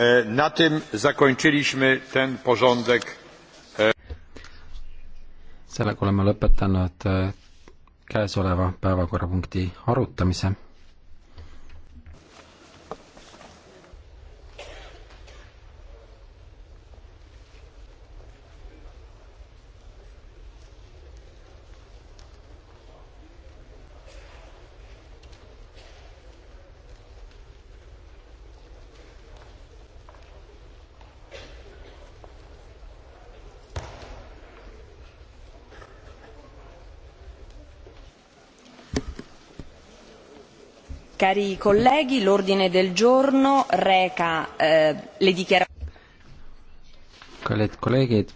E, na tym zakończyliśmy ten porządek. E, sellega oleme lõpetanud e, käesoleva päevakorrapunkti arutamise Cari colleghi, l'ordine del giorno reca eh, le dichiarazioni. Kallid kolleegid,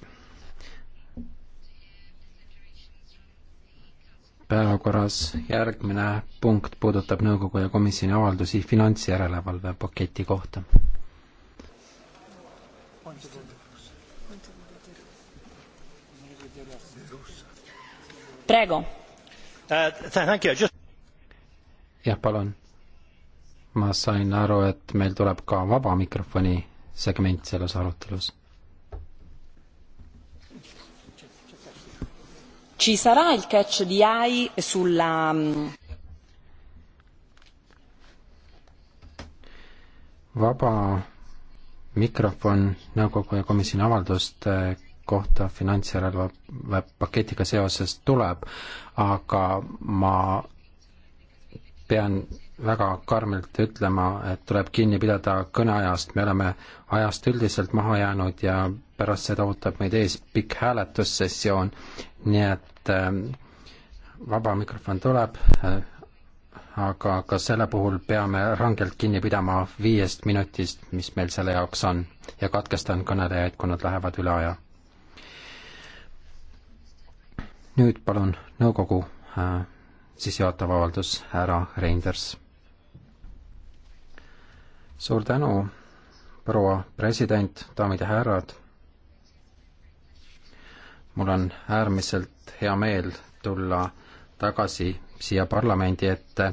päevakorras järgmine punkt puudutab nõukogu ja komisjoni avaldusi finantsjärelevalve paketi kohta. Prego. Uh, jah, palun ma sain aru, et meil tuleb ka vaba mikrofoni segment selles arutelus. Ci sarà il catch di AI sulla mm, vaba mikrofon nõukogu ja komisjoni avaldust kohta finantsjärelevalve paketiga seoses tuleb, aga ma pean väga karmilt ütlema, et tuleb kinni pidada kõneajast, me oleme ajast üldiselt maha jäänud ja pärast seda ootab meid ees pikk hääletussessioon, nii et ähm, vaba mikrofon tuleb, äh, aga ka selle puhul peame rangelt kinni pidama viiest minutist, mis meil selle jaoks on ja katkestan kõnelejaid, kui nad lähevad üle aja. nüüd palun nõukogu äh, sissejuhatav avaldus, härra Reinders. suur tänu, proua president, daamid ja härrad. mul on äärmiselt hea meel tulla tagasi siia parlamendi ette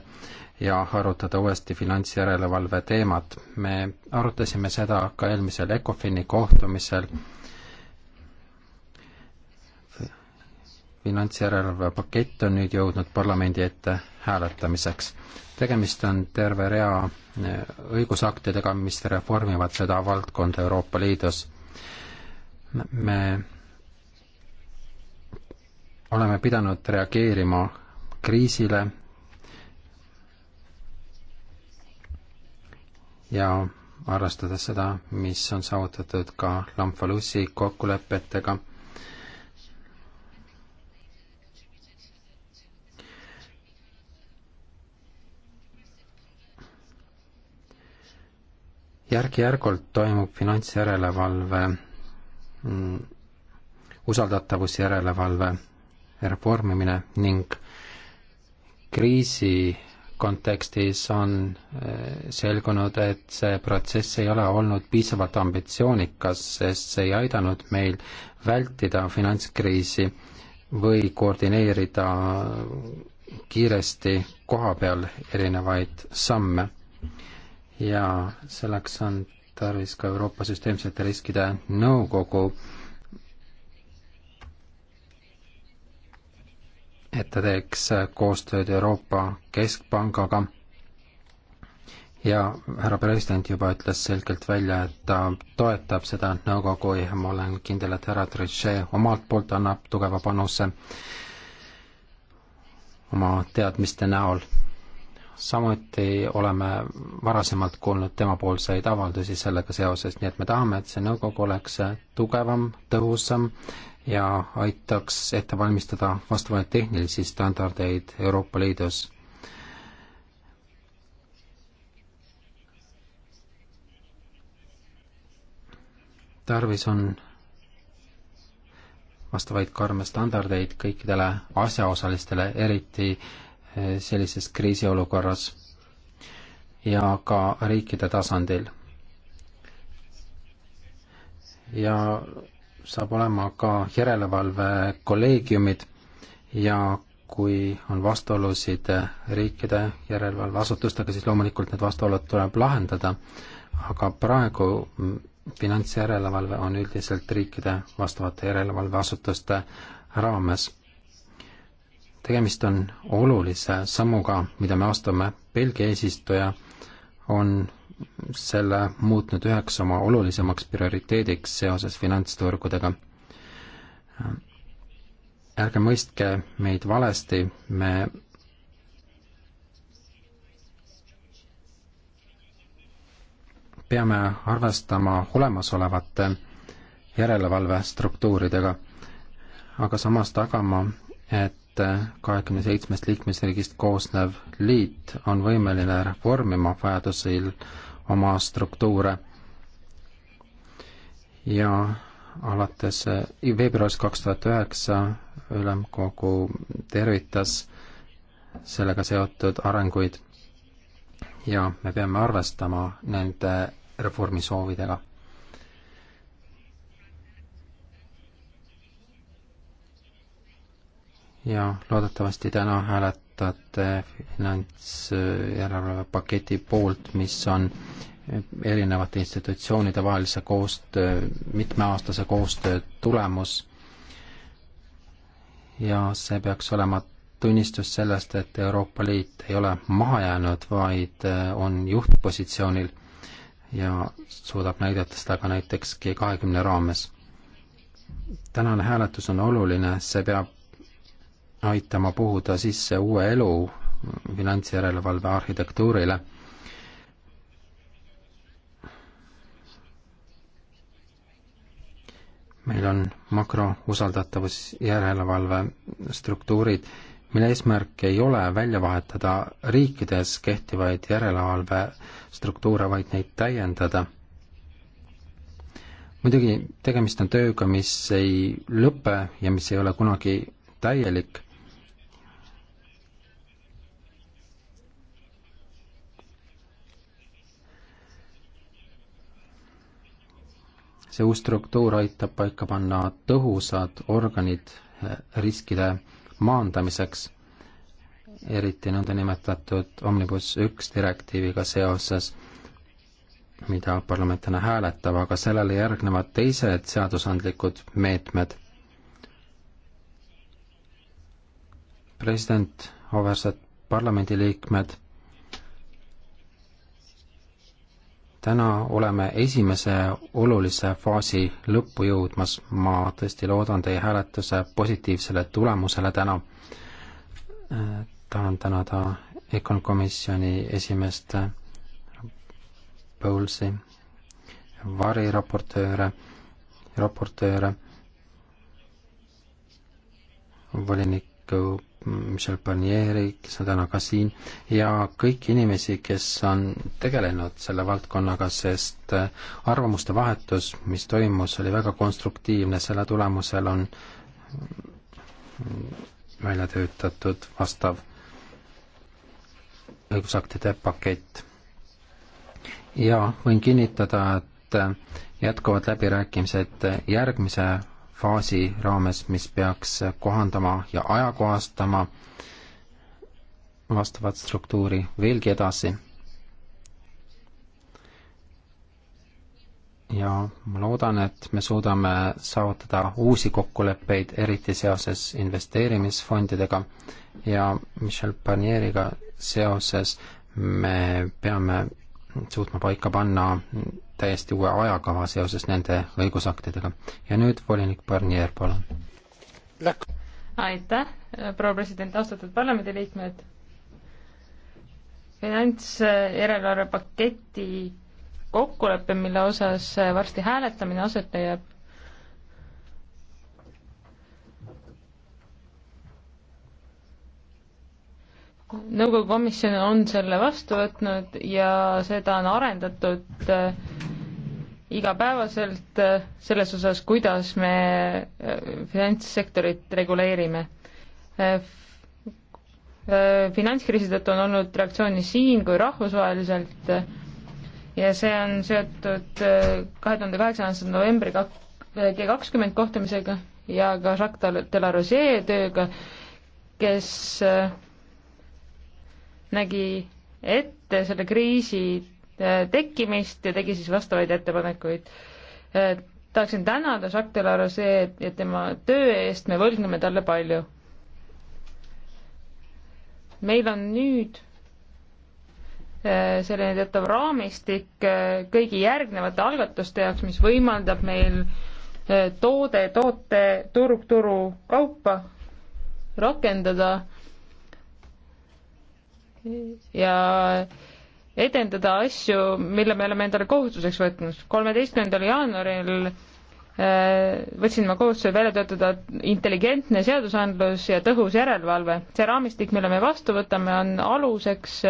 ja arutada uuesti finantsjärelevalve teemat. me arutasime seda ka eelmisel ECOFIN-i kohtumisel finantsjärelevalve pakett on nüüd jõudnud parlamendi ette hääletamiseks. tegemist on terve rea eh, õigusaktidega, mis reformivad seda valdkonda Euroopa Liidus. me oleme pidanud reageerima kriisile ja arvestades seda, mis on saavutatud ka Lamfalussi kokkulepetega järk-järgult toimub finantsjärelevalve mm, usaldatavusjärelevalve reformimine ning kriisi kontekstis on eh, selgunud, et see protsess ei ole olnud piisavalt ambitsioonikas, sest see ei aidanud meil vältida finantskriisi või koordineerida kiiresti kohapeal erinevaid samme ja selleks on tarvis ka Euroopa Süsteemsete Riskide Nõukogu, et ta teeks koostööd Euroopa Keskpangaga ja härra president juba ütles selgelt välja, et ta toetab seda nõukogu ja ma olen kindel, et härra Trichet omalt poolt annab tugeva panuse oma teadmiste näol samuti oleme varasemalt kuulnud temapoolseid avaldusi sellega seoses, nii et me tahame, et see nõukogu oleks tugevam, tõhusam ja aitaks ette valmistada vastavaid tehnilisi standardeid Euroopa Liidus. tarvis on vastavaid karme standardeid kõikidele asjaosalistele, eriti Eh, sellises kriisiolukorras ja ka riikide tasandil. ja saab olema ka järelevalve kolleegiumid ja kui on vastuolusid eh, riikide järelevalveasutustega, siis loomulikult need vastuolud tuleb lahendada, aga praegu mm, finantsjärelevalve on üldiselt riikide vastavate järelevalveasutuste raames tegemist on olulise sammuga, mida me astume. Belgia eesistuja on selle muutnud üheks oma olulisemaks prioriteediks seoses finantsturgudega. ärge mõistke meid valesti, me peame arvestama olemasolevate järelevalvestruktuuridega, aga samas tagama, et et kahekümne seitsmest liikmesriigist koosnev liit on võimeline reformima vajadusel oma struktuure ja alates veebruarist kaks tuhat üheksa ülemkogu tervitas sellega seotud arenguid ja me peame arvestama nende reformisoovidega ja loodetavasti täna hääletate finantsjärelevalve paketi poolt, mis on erinevate institutsioonide vahelise koostöö, mitmeaastase koostöö tulemus. ja see peaks olema tunnistus sellest, et Euroopa Liit ei ole maha jäänud, vaid äh, on juhtpositsioonil ja suudab näidata seda ka näiteks G kahekümne raames. tänane hääletus on oluline, see peab aitama puhuda sisse uue elu finantsjärelevalve arhitektuurile. meil on makrousaldatavus järelevalve struktuurid, mille eesmärk ei ole välja vahetada riikides kehtivaid järelevalve struktuure, vaid neid täiendada muidugi tegemist on tööga, mis ei lõpe ja mis ei ole kunagi täielik. see uus struktuur aitab paika panna tõhusad organid riskide maandamiseks, eriti nõndanimetatud Omnibus üks direktiiviga seoses, mida parlament täna hääletab, aga sellele järgnevad teised seadusandlikud meetmed. president, auväärsed parlamendiliikmed täna oleme esimese olulise faasi lõppu jõudmas, ma tõesti loodan teie hääletuse positiivsele tulemusele täna. tahan tänada EKOn komisjoni esimeest Põulsi, variraportööre, raportööre, volinikku Michel Barnieri, kes on täna ka siin, ja kõiki inimesi, kes on tegelenud selle valdkonnaga, sest äh, arvamuste vahetus, mis toimus, oli väga konstruktiivne, selle tulemusel on mm, välja töötatud vastav õigusaktide pakett. ja võin kinnitada, et äh, jätkuvad läbirääkimised järgmise faasi raames, mis peaks kohandama ja ajakohastama vastavat struktuuri veelgi edasi. ja ma loodan, et me suudame saavutada uusi kokkuleppeid, eriti seoses investeerimisfondidega ja Michel Barnieriga seoses me peame suutma paika panna täiesti uue ajakava seoses nende õigusaktidega. ja nüüd volinik Barnier, palun. aitäh, proua president, austatud parlamendiliikmed. finantsjärelevalve paketi kokkulepe, mille osas varsti hääletamine aset leiab, nõukogu komisjon on selle vastu võtnud ja seda on arendatud igapäevaselt äh, selles osas, kuidas me äh, finantssektorit reguleerime. Äh, finantskriisi tõttu on olnud reaktsiooni siin kui rahvusvaheliselt ja see on seotud kahe tuhande kaheksanda aasta novembri G kakskümmend kohtumisega ja ka Jacques Delarosier tööga, kes nägi ette selle kriisi Äh, tekkimist ja tegi siis vastavaid ettepanekuid. Äh, tahaksin tänada Jacques Delarosee ja tema töö eest, me võlgneme talle palju. meil on nüüd äh, selline teatav raamistik kõigi järgnevate algatuste jaoks, mis võimaldab meil toode, toote, turg, turu kaupa rakendada ja edendada asju, mille me oleme endale kohustuseks võtnud. kolmeteistkümnendal jaanuaril äh, võtsin ma kohustuse välja töötada intelligentne seadusandlus ja tõhus järelevalve. see raamistik, mille me vastu võtame, on aluseks,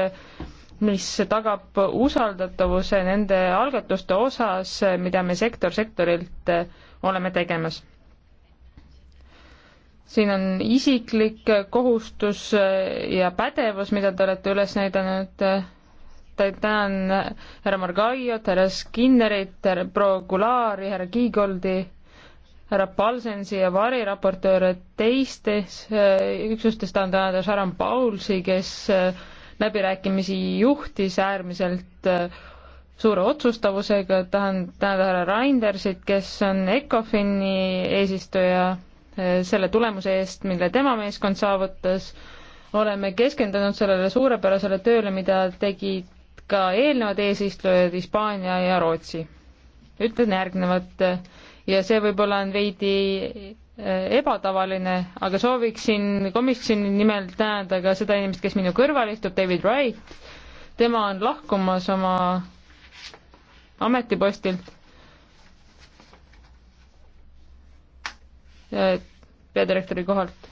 mis tagab usaldatavuse nende algatuste osas, mida me sektor sektorilt äh, oleme tegemas. siin on isiklik kohustus äh, ja pädevus, mida te olete üles näidanud tänan härra Margaiot, härra Skinnerit, härra proua Gulaari, härra Kiigoldi, härra Palsensi ja variraportööre teistes äh, üksustest tahan tänada Sharon Paulsi, kes äh, läbirääkimisi juhtis äärmiselt äh, suure otsustavusega, tahan tänada härra Reindersit, kes on ECOFIN-i eesistuja selle tulemuse eest, mille tema meeskond saavutas, oleme keskendunud sellele suurepärasele tööle, mida tegid ka eelnevad eesistujad Hispaania ja Rootsi. ütlen järgnevat ja see võib-olla on veidi eh, ebatavaline, aga sooviksin komisjoni nimel tänada ka seda inimest, kes minu kõrval istub, David Wright. tema on lahkumas oma ametipostilt. peadirektori kohalt.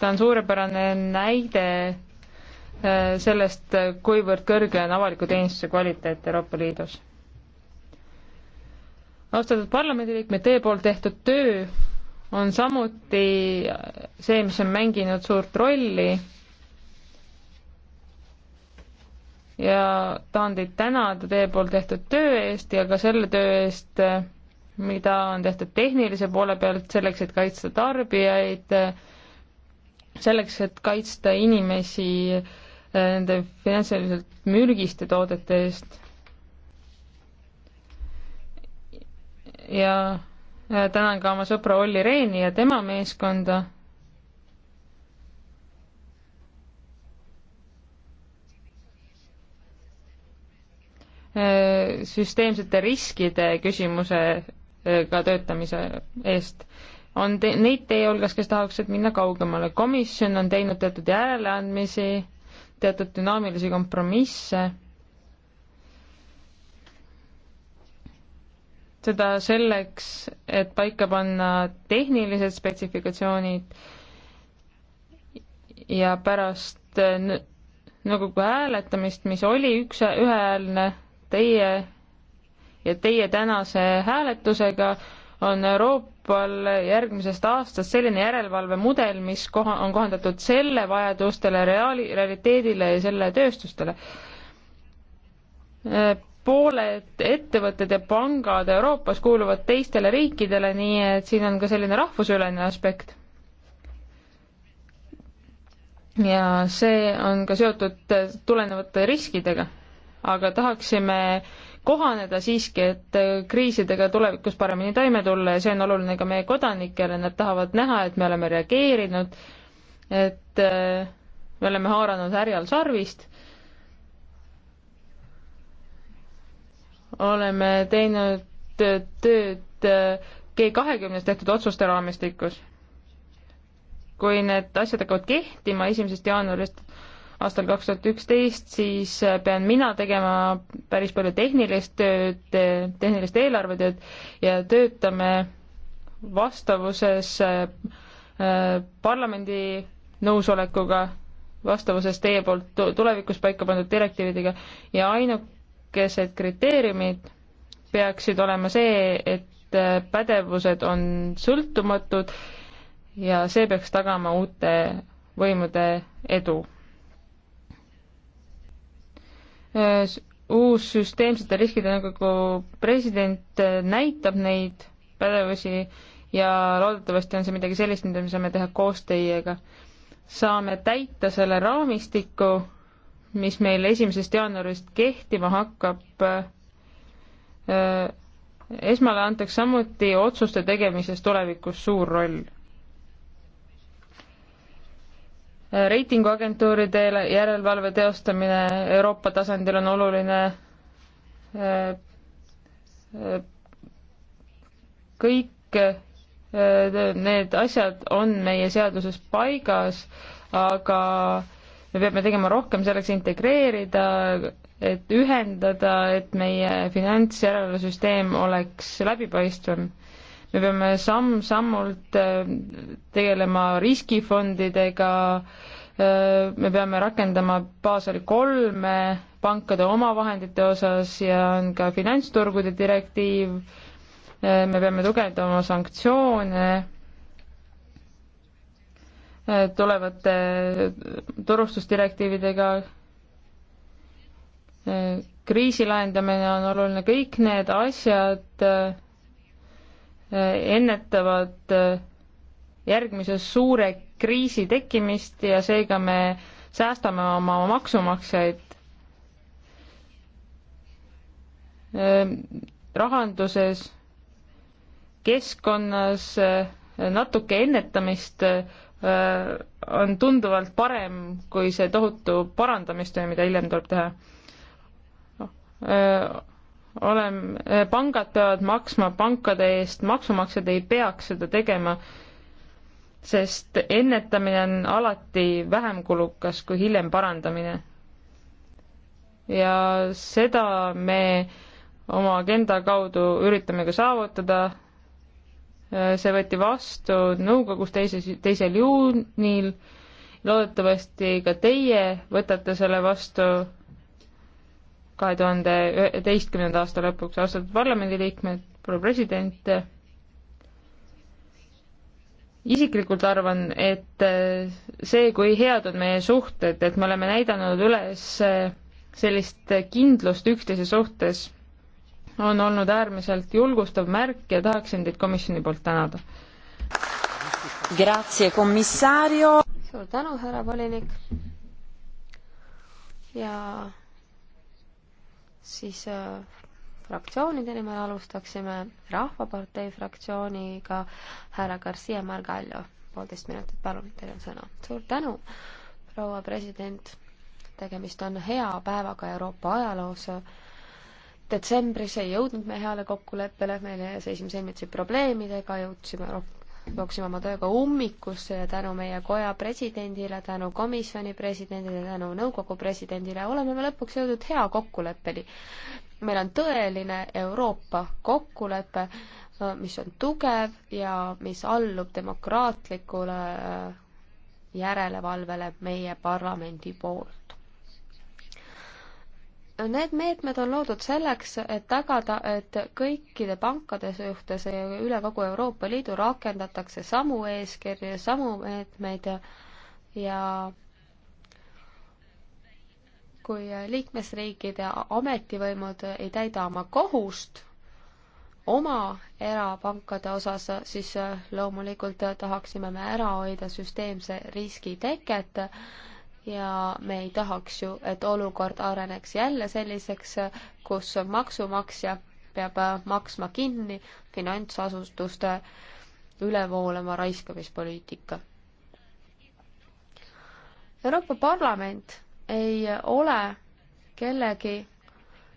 ta on suurepärane näide Äh, sellest, kuivõrd kõrge on avaliku teenistuse kvaliteet Euroopa Liidus. austatud parlamendiliikmed, teie poolt tehtud töö on samuti see, mis on mänginud suurt rolli ja tahan teid tänada teie poolt tehtud töö eest ja ka selle töö eest, mida on tehtud tehnilise poole pealt selleks, et kaitsta tarbijaid, selleks, et kaitsta inimesi äh, nende finantsiliselt mürgiste toodete eest. ja äh, tänan ka oma sõpra Olli Rehni ja tema meeskonda. Äh, süsteemsete riskide küsimusega äh, töötamise eest on te-, neid teie hulgas, kes tahaksid minna kaugemale. komisjon on teinud teatud järeleandmisi teatud dünaamilisi kompromisse. seda selleks, et paika panna tehnilised spetsifikatsioonid ja pärast äh, nõukogu nagu hääletamist, mis oli üks, ühehäälne teie ja teie tänase hääletusega, on Euroopal järgmisest aastast selline järelevalvemudel, mis koha, on kohandatud selle vajadustele, reaali, realiteedile ja selle tööstustele. Äh, pooled ettevõtted ja pangad Euroopas kuuluvad teistele riikidele, nii et siin on ka selline rahvusülene aspekt. ja see on ka seotud äh, tulenevate riskidega, aga tahaksime äh, kohaneda siiski, et äh, kriisidega tulevikus paremini toime tulla ja see on oluline ka meie kodanikele, nad tahavad näha, et me oleme reageerinud, et äh, me oleme haaranud härjal sarvist, oleme teinud äh, tööd G kahekümnes tehtud otsuste raamistikus. kui need asjad hakkavad kehtima esimesest jaanuarist aastal kaks tuhat üksteist, siis äh, pean mina tegema päris palju tehnilist tööd, tehnilist eelarvetööd ja töötame vastavuses äh, äh, parlamendi nõusolekuga, vastavuses teie poolt tulevikus paika pandud direktiividega ja ainukesed kriteeriumid peaksid olema see, et pädevused on sõltumatud ja see peaks tagama uute võimude edu Äh, uus süsteemsete riskide nõukogu president äh, näitab neid pädevusi ja loodetavasti on see midagi sellist, mida me saame teha koos teiega. saame täita selle raamistiku, mis meil esimesest jaanuarist kehtima hakkab. Äh, esmale antakse samuti otsuste tegemises tulevikus suur roll Äh, reitinguagentuuride järelevalve teostamine Euroopa tasandil on oluline äh, äh, kõik need asjad on meie seaduses paigas, aga me peame tegema rohkem selleks integreerida, et ühendada, et meie finantsjärelevalvesüsteem oleks läbipaistvam me peame samm-sammult äh, tegelema riskifondidega, äh, me peame rakendama Baseli kolme pankade omavahendite osas ja on ka finantsturgude direktiiv, äh, me peame tugevdama sanktsioone, tulevate turustusdirektiividega, kriisi lahendamine on oluline, kõik need asjad ennetavad äh, järgmise suure kriisi tekkimist ja seega me säästame oma maksumaksjaid. Äh, rahanduses, keskkonnas äh, natuke ennetamist on tunduvalt parem kui see tohutu parandamistöö, mida hiljem tuleb teha oleme, eh, pangad peavad maksma pankade eest, maksumaksjad ei peaks seda tegema, sest ennetamine on alati vähem kulukas kui hiljem parandamine. ja seda me oma agenda kaudu üritame ka saavutada, eh, see võeti vastu nõukogus teises, teisel juunil, loodetavasti ka teie võtate selle vastu kahe tuhande üheteistkümnenda aasta lõpuks. austatud parlamendiliikmed, proua president, isiklikult arvan, et see, kui head on meie suhted, et me oleme näidanud üles sellist kindlust üksteise suhtes, on olnud äärmiselt julgustav märk ja tahaksin teid komisjoni poolt tänada. suur tänu, härra volinik ja siis äh, fraktsioonide nimel alustaksime Rahvapartei fraktsiooniga härra Garcia Margallo. poolteist minutit, palun, teil on sõna. suur tänu, proua president. tegemist on hea päevaga Euroopa ajaloos. detsembris ei jõudnud me heale kokkuleppele, meil seisime silmitsi probleemidega, jõudsime Euroopa jooksime oma tööga ummikusse ja tänu meie koja presidendile, tänu komisjoni presidendile, tänu nõukogu presidendile oleme me lõpuks jõudnud hea kokkuleppeni. meil on tõeline Euroopa kokkulepe, mis on tugev ja mis allub demokraatlikule järelevalvele meie parlamendi poolt Need meetmed on loodud selleks, et tagada, et kõikide pankade suhtes üle kogu Euroopa Liidu rakendatakse samu eeskirju, samu meetmeid ja kui liikmesriikide ametivõimud ei täida oma kohust oma erapankade osas, siis loomulikult tahaksime me ära hoida süsteemse riski teket ja me ei tahaks ju, et olukord areneks jälle selliseks, kus maksumaksja peab maksma kinni finantsasutuste ülevoolema raiskamispoliitika. Euroopa Parlament ei ole kellegi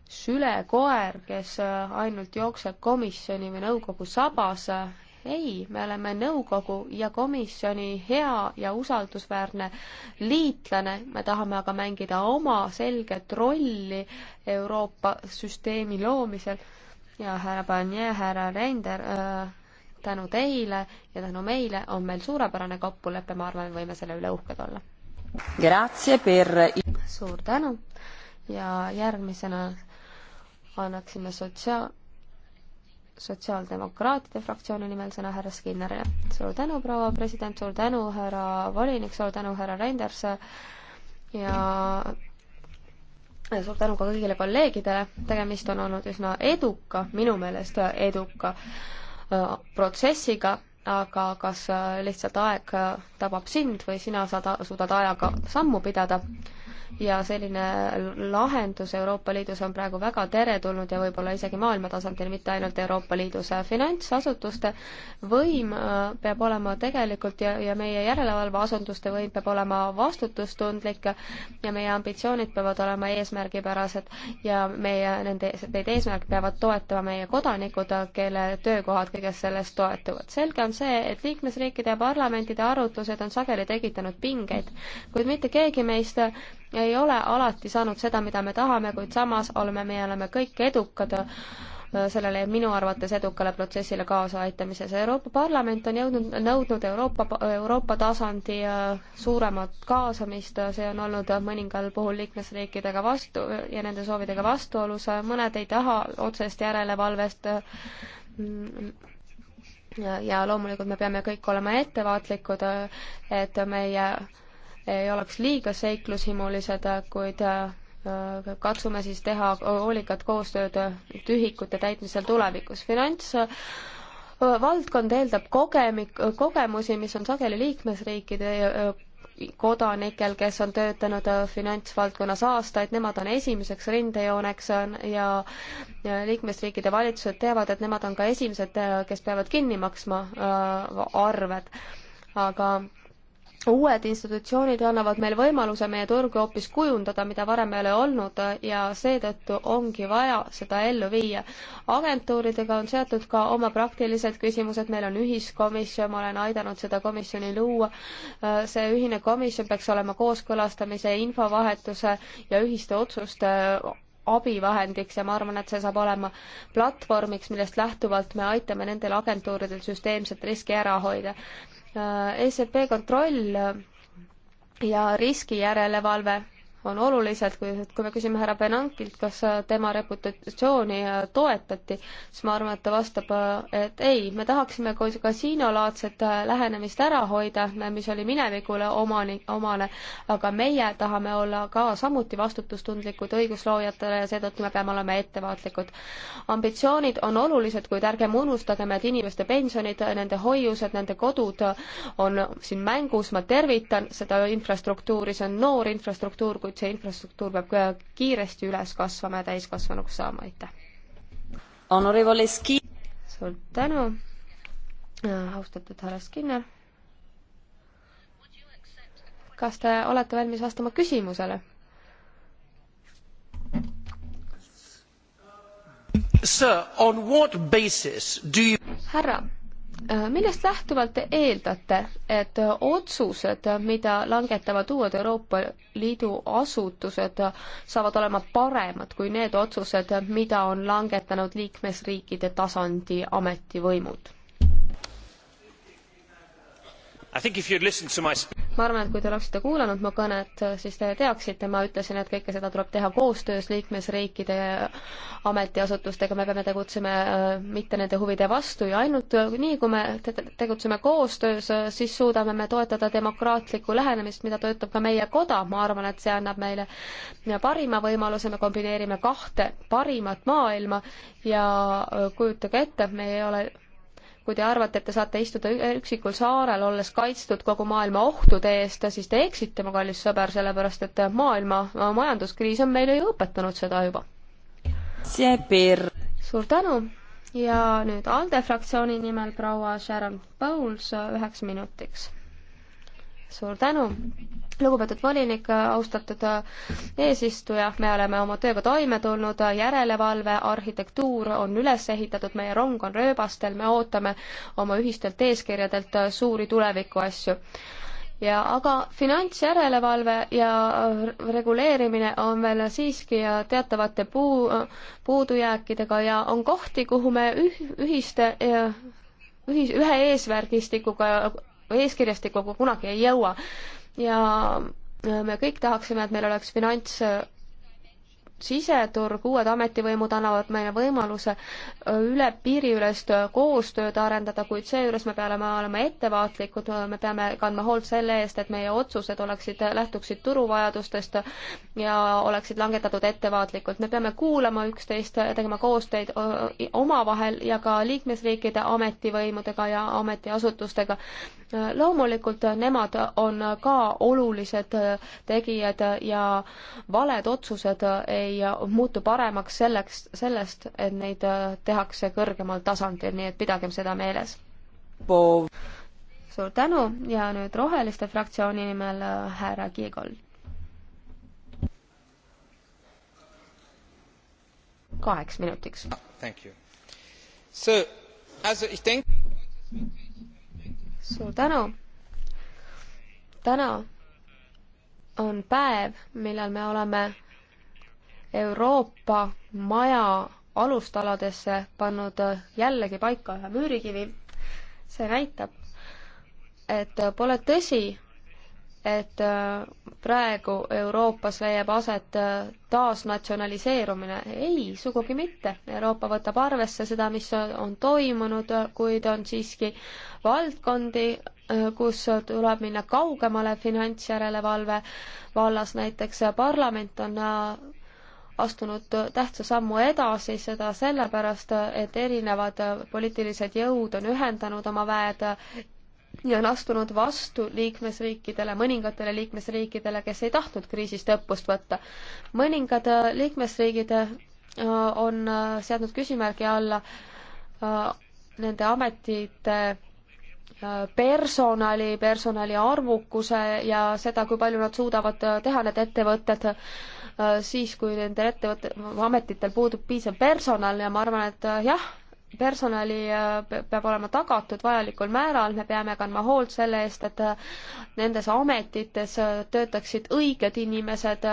sülekoer, kes ainult jookseb komisjoni või nõukogu sabas ei, me oleme nõukogu ja komisjoni hea ja usaldusväärne liitlane, me tahame aga mängida oma selget rolli Euroopa süsteemi loomisel ja härra Barnier, härra Reinder äh,, tänu teile ja tänu meile on meil suurepärane kokkulepe, ma arvan, võime selle üle uhked olla. Per... suur tänu ja järgmisena annaksime sotsiaal- sotsiaaldemokraatide fraktsiooni nimel sõna härra Skinnarile. suur tänu, proua president, suur tänu, härra volinik, suur tänu, härra Reinders ja suur tänu ka kõigile kolleegidele, tegemist on olnud üsna eduka, minu meelest eduka äh, protsessiga, aga kas lihtsalt aeg tabab sind või sina saad, suudad ajaga sammu pidada ja selline lahendus Euroopa Liidus on praegu väga teretulnud ja võib-olla isegi maailma tasandil, mitte ainult Euroopa Liidus. finantsasutuste võim äh, peab olema tegelikult ja, ja meie järelevalveasutuste võim peab olema vastutustundlik ja meie ambitsioonid peavad olema eesmärgipärased ja meie, nende, neid eesmärke peavad toetama meie kodanikud, kelle töökohad kõigest sellest toetuvad. selge on see, et liikmesriikide ja parlamentide arutlused on sageli tekitanud pingeid, kuid mitte keegi meist ei ole alati saanud seda, mida me tahame, kuid samas oleme, me oleme kõik edukad äh, sellele minu arvates edukale protsessile kaasaaitamises. Euroopa Parlament on jõudnud, nõudnud Euroopa, Euroopa tasandi äh, suuremat kaasamist, äh, see on olnud mõningal puhul liikmesriikidega vastu ja nende soovidega vastuolus, mõned ei taha otsest järelevalvest ja, ja loomulikult me peame kõik olema ettevaatlikud, et meie ei oleks liiga seiklushimulised, kuid äh, katsume siis teha hoolikat koostööd tühikute täitmisel tulevikus. finants äh, valdkond eeldab kogemik-, kogemusi, mis on sageli liikmesriikide äh, kodanikel, kes on töötanud finantsvaldkonnas aastaid, nemad on esimeseks rindejooneks ja, ja liikmesriikide valitsused teavad, et nemad on ka esimesed, kes peavad kinni maksma arved. aga uued institutsioonid annavad meile võimaluse meie turgu hoopis kujundada, mida varem ei ole olnud eh, ja seetõttu ongi vaja seda ellu viia. agentuuridega on seotud ka oma praktilised küsimused, meil on ühiskomisjon, ma olen aidanud seda komisjoni luua. Eh, see ühine komisjon peaks olema kooskõlastamise, infovahetuse ja ühiste otsuste abivahendiks ja ma arvan, et see saab olema platvormiks, millest lähtuvalt me aitame nendel agentuuridel süsteemset riski ära hoida Äh, ECB kontroll ja riskijärelevalve on olulised, kui, kui me küsime härra Benankilt, kas äh, tema reputatsiooni äh, toetati, siis ma arvan, et ta vastab, äh, et ei, me tahaksime kasiinolaadset lähenemist ära hoida, mis oli minevikule omani, omane, aga meie tahame olla ka samuti vastutustundlikud õigusloojatele ja seetõttu me peame olema ettevaatlikud. ambitsioonid on olulised, kuid ärgem unustagem, et inimeste pensionid, nende hoiused, nende kodud on siin mängus, ma tervitan seda infrastruktuuri, see on noor infrastruktuur, kuid kuid see infrastruktuur peab kiiresti üles kasvama ja täiskasvanuks saama, aitäh! suur tänu, austatud härra Skinner! kas te olete valmis vastama küsimusele? You... härra, Äh, millest lähtuvalt te eeldate, et otsused, mida langetavad uued Euroopa Liidu asutused, saavad olema paremad kui need otsused, mida on langetanud liikmesriikide tasandi ametivõimud? My ma arvan, et kui te oleksite kuulanud mu kõnet, siis te teaksite, ma ütlesin, et kõike seda tuleb teha koostöös liikmesriikide ametiasutustega, me peame tegutsema äh, mitte nende huvide vastu ja ainult äh, nii, kui me tegutseme koostöös, äh, siis suudame me toetada demokraatlikku lähenemist, mida toetab ka meie koda, ma arvan, et see annab meile parima võimaluse, me kombineerime kahte parimat maailma ja kujutage ette, me ei ole kui te arvate, et te saate istuda üksikul saarel, olles kaitstud kogu maailma ohtude eest, siis te eksite, mu kallis sõber, sellepärast et maailma majanduskriis on meile ju õpetanud seda juba. suur tänu ja nüüd ALDE fraktsiooni nimel proua Sharon Bowles üheks minutiks suur tänu, lugupeetud volinik, austatud äh, eesistuja, me oleme oma tööga toime tulnud, äh, järelevalve, arhitektuur on üles ehitatud, meie rong on rööbastel, me ootame oma ühistelt eeskirjadelt äh, suuri tulevikuasju ja aga finantsjärelevalve ja reguleerimine on veel siiski teatavate puu, puudujääkidega ja on kohti, kuhu me üh, ühiste, ühis-, ühe eesmärgistikuga eeskirjastikuga kunagi ei jõua ja me kõik tahaksime, et meil oleks finants siseturg, uued ametivõimud annavad meile võimaluse äh, üle piiriülest äh, koostööd arendada, kuid seejuures me peame olema ettevaatlikud, äh, me peame kandma hoolt selle eest, et meie otsused oleksid, lähtuksid turuvajadustest ja oleksid langetatud ettevaatlikult. me peame kuulama üksteist, tegema koostöid omavahel ja ka liikmesriikide ametivõimudega ja ametiasutustega. loomulikult nemad on ka olulised tegijad ja valed otsused ei ei muutu paremaks selleks, sellest, et neid äh, tehakse kõrgemal tasandil, nii et pidagem seda meeles. suur tänu ja nüüd Roheliste fraktsiooni nimel äh, härra Kiigol. kaheks minutiks. suur tänu. täna on päev, millal me oleme Euroopa maja alustaladesse pannud jällegi paika ühe müürikivi. see näitab, et pole tõsi, et praegu Euroopas leiab aset taasnatsionaliseerumine. ei, sugugi mitte. Euroopa võtab arvesse seda, mis on toimunud, kuid on siiski valdkondi, kus tuleb minna kaugemale finantsjärelevalve vallas, näiteks parlament on astunud tähtsa sammu edasi, seda sellepärast, et erinevad poliitilised jõud on ühendanud oma väed ja on astunud vastu liikmesriikidele, mõningatele liikmesriikidele, kes ei tahtnud kriisist õppust võtta. mõningad liikmesriigid äh, on äh, seadnud küsimärgi alla äh, nende ametite personali, personali arvukuse ja seda, kui palju nad suudavad teha, need ettevõtted Äh, siis, kui nendel ettevõtte, ametitel puudub piisav personal ja ma arvan, et äh, jah, personali äh, peab olema tagatud vajalikul määral, me peame kandma hoolt selle eest, et nendes ametites töötaksid õiged inimesed.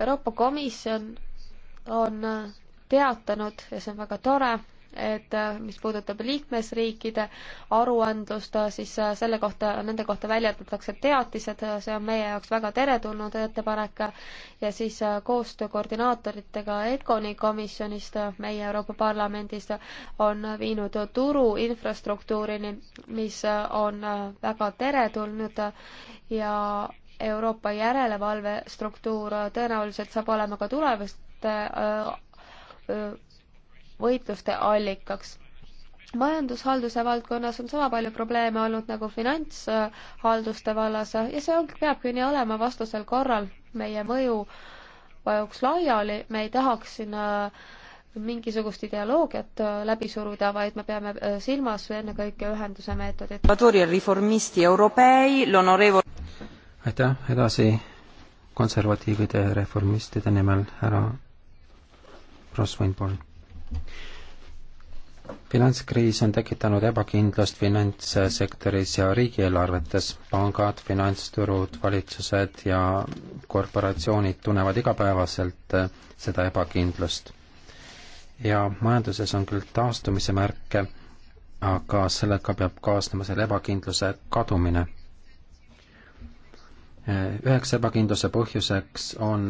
Euroopa Komisjon on teatanud ja see on väga tore, et äh, mis puudutab liikmesriikide aruandlust, äh, siis äh, selle kohta, nende kohta väljendatakse teatised, see on meie jaoks väga teretulnud ettepanek ja siis koostöö koordinaatoritega ECONi komisjonist meie Euroopa Parlamendis on viinud turu infrastruktuurini, mis on väga teretulnud ja Euroopa järelevalvestruktuur tõenäoliselt saab olema ka tulevaste võitluste allikaks. majandushalduse valdkonnas on sama palju probleeme olnud nagu finantshalduste vallas ja see on, peabki nii olema vastasel korral. meie mõju vajuks laiali, me ei tahaks siin mingisugust ideoloogiat läbi suruda, vaid me peame silmas ennekõike ühenduse meetodit. aitäh, edasi konservatiivide ja reformistide nimel härra Roswin, palun. finantskriis on tekitanud ebakindlust finantssektoris ja riigieelarvetes. pangad, finantsturud, valitsused ja korporatsioonid tunnevad igapäevaselt seda ebakindlust. ja majanduses on küll taastumise märke, aga sellega peab kaasnema selle ebakindluse kadumine üheks ebakindluse põhjuseks on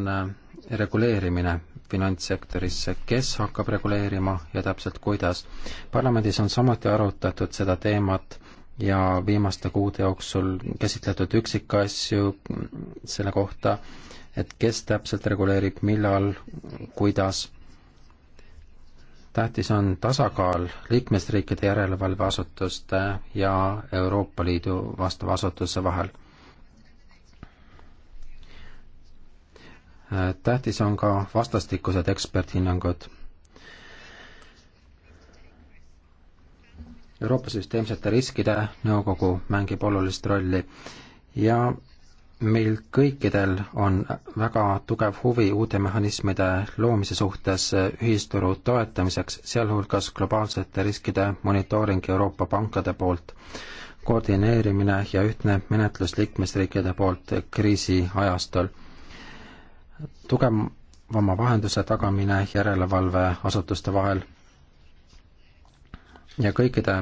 reguleerimine, finantssektorisse, kes hakkab reguleerima ja täpselt kuidas. parlamendis on samuti arutatud seda teemat ja viimaste kuude jooksul käsitletud üksikasju selle kohta, et kes täpselt reguleerib, millal, kuidas. tähtis on tasakaal liikmesriikide järelevalveasutuste ja Euroopa Liidu vastava asutuse vahel tähtis on ka vastastikused eksperthinnangud. Euroopa Süsteemsete Riskide Nõukogu mängib olulist rolli ja meil kõikidel on väga tugev huvi uute mehhanismide loomise suhtes ühisturu toetamiseks, sealhulgas globaalsete riskide monitooring Euroopa pankade poolt, koordineerimine ja ühtne menetlus liikmesriikide poolt kriisi ajastul tugevama vahenduse tagamine järelevalveasutuste vahel ja kõikide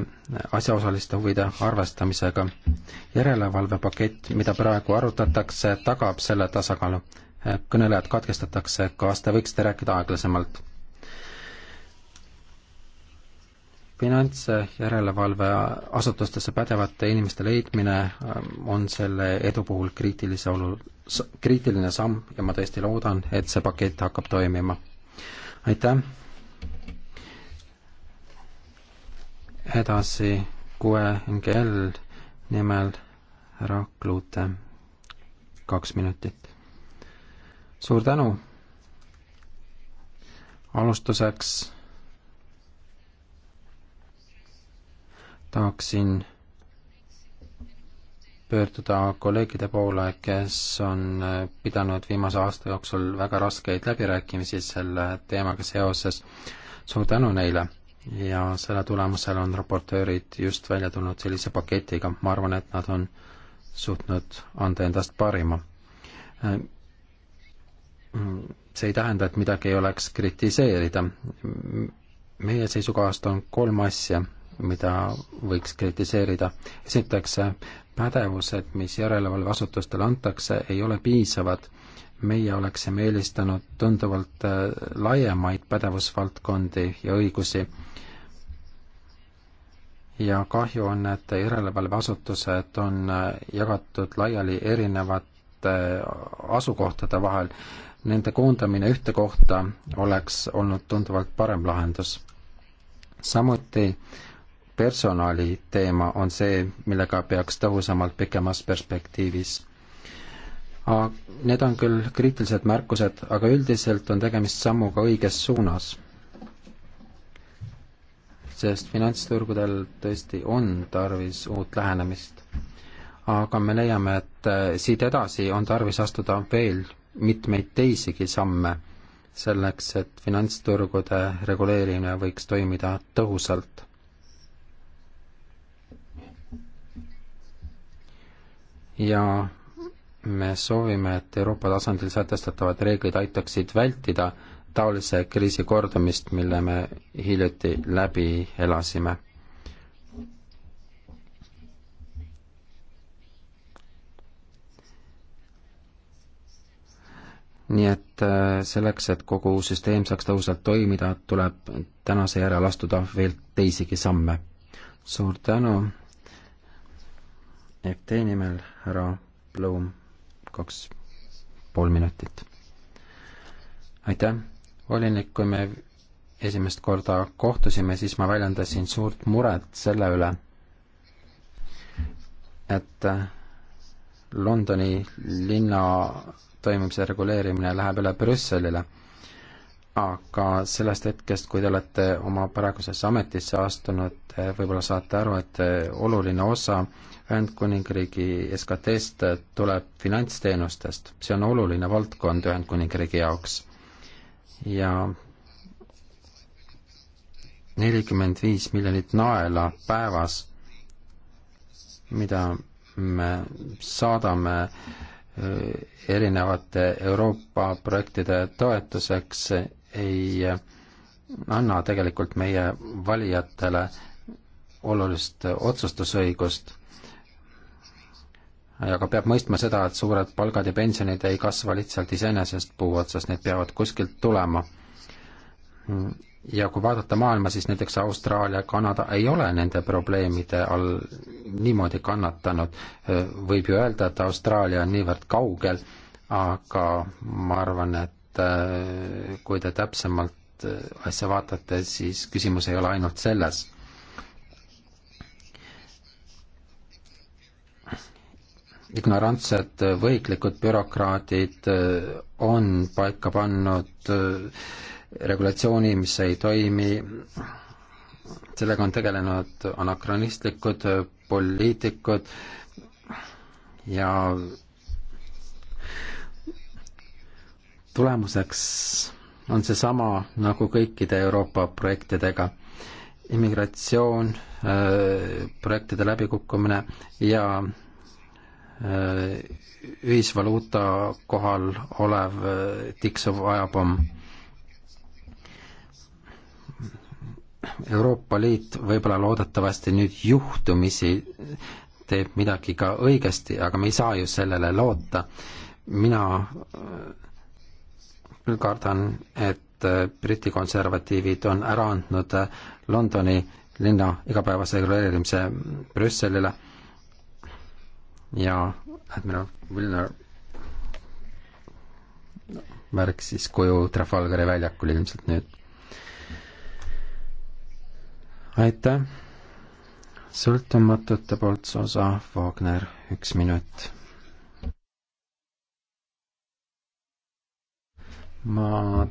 asjaosaliste huvide arvestamisega. järelevalvepakett, mida praegu arutatakse, tagab selle tasakaalu. kõnelejad katkestatakse, kas te võiksite rääkida aeglasemalt? finantsjärelevalveasutustesse pädevate inimeste leidmine ähm, on selle edu puhul kriitilise olu-, kriitiline samm ja ma tõesti loodan, et see pakett hakkab toimima. aitäh! edasi kuue NGL nimel härra Kluute, kaks minutit. suur tänu! alustuseks tahaksin pöörduda kolleegide poole, kes on pidanud viimase aasta jooksul väga raskeid läbirääkimisi selle teemaga seoses. suur tänu neile ja selle tulemusel on raportöörid just välja tulnud sellise paketiga, ma arvan, et nad on suutnud anda endast parima. see ei tähenda, et midagi ei oleks kritiseerida. meie seisukohast on kolm asja mida võiks kritiseerida. esiteks, pädevused, mis järelevalveasutustele antakse, ei ole piisavad. meie oleksime eelistanud tunduvalt äh, laiemaid pädevusvaldkondi ja õigusi. ja kahju on, et järelevalveasutused on äh, jagatud laiali erinevate äh, asukohtade vahel. Nende koondamine ühte kohta oleks olnud tunduvalt parem lahendus. samuti personali teema on see, millega peaks tõhusamalt pikemas perspektiivis. Need on küll kriitilised märkused, aga üldiselt on tegemist sammuga õiges suunas. sest finantsturgudel tõesti on tarvis uut lähenemist. aga me leiame, et äh, siit edasi on tarvis astuda veel mitmeid teisigi samme selleks, et finantsturgude reguleerimine võiks toimida tõhusalt ja me soovime, et Euroopa tasandil sätestatavad reeglid aitaksid vältida taolise kriisi kordamist, mille me hiljuti läbi elasime. nii et äh, selleks, et kogu süsteem saaks tõhusalt toimida, tuleb tänase järel astuda veel teisigi samme. suur tänu! FT nimel härra Blum, kaks pool minutit. aitäh, volinik, kui me esimest korda kohtusime, siis ma väljendasin suurt muret selle üle, et äh, Londoni linna toimimise reguleerimine läheb üle Brüsselile aga sellest hetkest, kui te olete oma praegusesse ametisse astunud, eh, võib-olla saate aru, et eh, oluline osa Ühendkuningriigi SKT-st tuleb finantsteenustest, see on oluline valdkond Ühendkuningriigi jaoks. ja nelikümmend viis miljonit naela päevas, mida me saadame eh, erinevate Euroopa projektide toetuseks ei anna tegelikult meie valijatele olulist otsustusõigust. aga peab mõistma seda, et suured palgad ja pensionid ei kasva lihtsalt iseenesest puu otsast, need peavad kuskilt tulema. ja kui vaadata maailma, siis näiteks Austraalia, Kanada ei ole nende probleemide all niimoodi kannatanud. võib ju öelda, et Austraalia on niivõrd kaugel, aga ma arvan, et et äh, kui te täpsemalt äh, asja vaatate, siis küsimus ei ole ainult selles. ignorantsed äh, võhiklikud bürokraadid on paika pannud regulatsiooni, mis ei toimi, sellega on tegelenud anakronistlikud poliitikud ja tulemuseks on seesama nagu kõikide Euroopa projektidega, immigratsioon, äh, projektide läbikukkumine ja äh, ühisvaluuta kohal olev äh, tiksuv ajapomm. Euroopa Liit võib-olla loodetavasti nüüd juhtumisi teeb midagi ka õigesti, aga me ei saa ju sellele loota. mina küll kardan, et äh, Briti konservatiivid on ära andnud äh, Londoni linna igapäevase reguleerimise mm, Brüsselile ja admiral Wilner märk siis koju Trafalgari väljakul ilmselt nüüd. aitäh, sõltumatute poolt osa Wagner, üks minut ma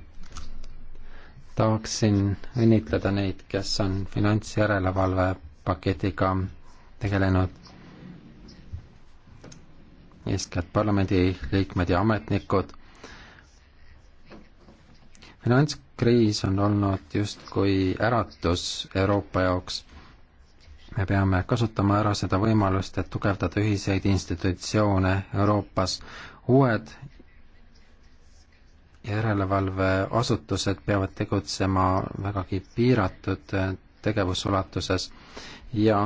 tahaksin õnnitleda neid, kes on finantsjärelevalve paketiga tegelenud, eeskätt parlamendiliikmed ja ametnikud. finantskriis on olnud justkui äratus Euroopa jaoks. me peame kasutama ära seda võimalust, et tugevdada ühiseid institutsioone Euroopas. uued järelevalveasutused peavad tegutsema vägagi piiratud tegevusulatuses ja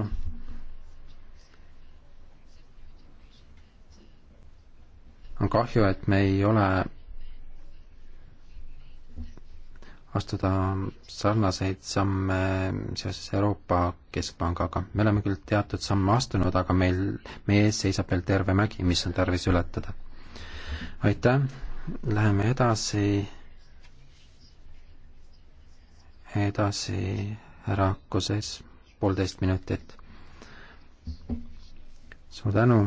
on kahju, et me ei ole astuda sarnaseid samme seoses Euroopa Keskpangaga. me oleme küll teatud samme astunud, aga meil, meie ees seisab veel terve mägi, mis on tarvis ületada. aitäh! Läheme edasi, edasi härra Koses, poolteist minutit. suur tänu,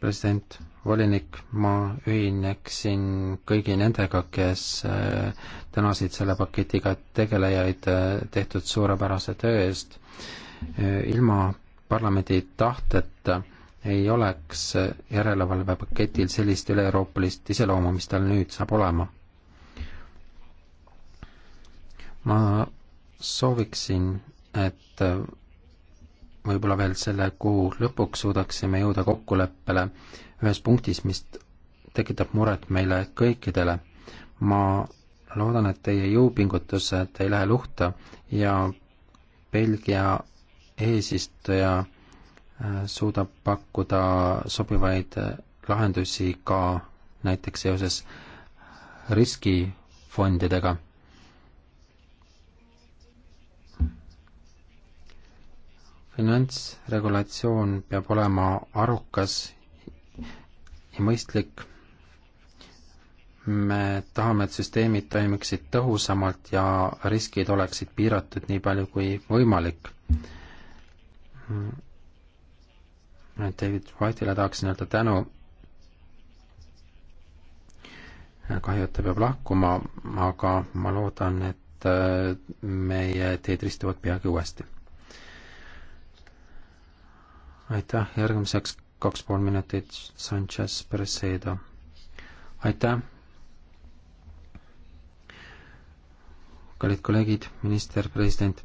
president, volinik, ma ühineksin kõigi nendega, kes äh, tänasid selle paketiga tegelejaid äh, tehtud suurepärase töö eest. Äh, ilma parlamendi tahteta ei oleks järelevalvepaketil sellist üle-euroopalist iseloomu, mis tal nüüd saab olema. ma sooviksin, et võib-olla veel selle kuu lõpuks suudaksime jõuda kokkuleppele ühes punktis, mis tekitab muret meile kõikidele. ma loodan, et teie jõupingutused ei lähe luhta ja Belgia eesistuja Äh, suudab pakkuda sobivaid äh, lahendusi ka näiteks seoses riskifondidega. finantsregulatsioon peab olema arukas ja mõistlik. me tahame, et süsteemid toimiksid tõhusamalt ja riskid oleksid piiratud nii palju kui võimalik David Whiteile tahaksin öelda tänu. kahju, et ta peab lahkuma, aga ma loodan, et äh, meie teed ristuvad peagi uuesti. aitäh, järgmiseks kaks pool minutit, Sanchez Presedo. aitäh. kallid kolleegid, minister, president.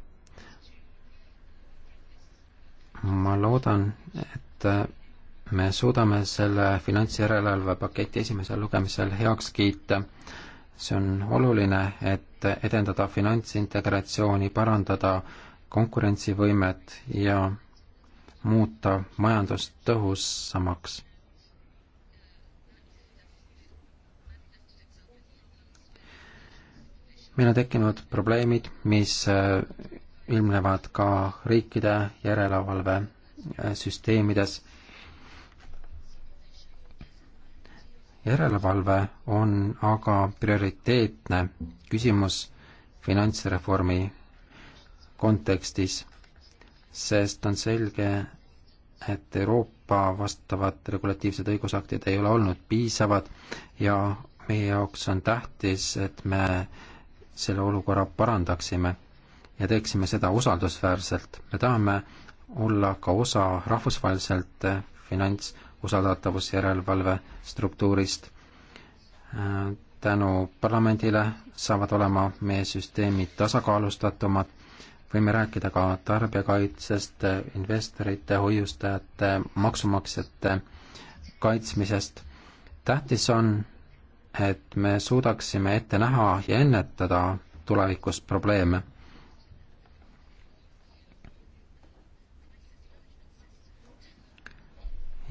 ma loodan, et et me suudame selle finantsjärelevalve paketi esimesel lugemisel heaks kiita. see on oluline, et edendada finantsintegratsiooni, parandada konkurentsivõimet ja muuta majandust tõhusamaks. meil on tekkinud probleemid, mis ilmnevad ka riikide järelevalve Äh, süsteemides. järelevalve on aga prioriteetne küsimus finantsreformi kontekstis, sest on selge, et Euroopa vastavad regulatiivsed õigusaktid ei ole olnud piisavad ja meie jaoks on tähtis, et me selle olukorra parandaksime ja teeksime seda usaldusväärselt. me tahame olla ka osa rahvusvaheliselt finantsusaldatavusjärelevalve struktuurist. tänu parlamendile saavad olema meie süsteemid tasakaalustatumad, võime rääkida ka tarbijakaitsest, investorite, hoiustajate, maksumaksjate kaitsmisest. tähtis on, et me suudaksime ette näha ja ennetada tulevikus probleeme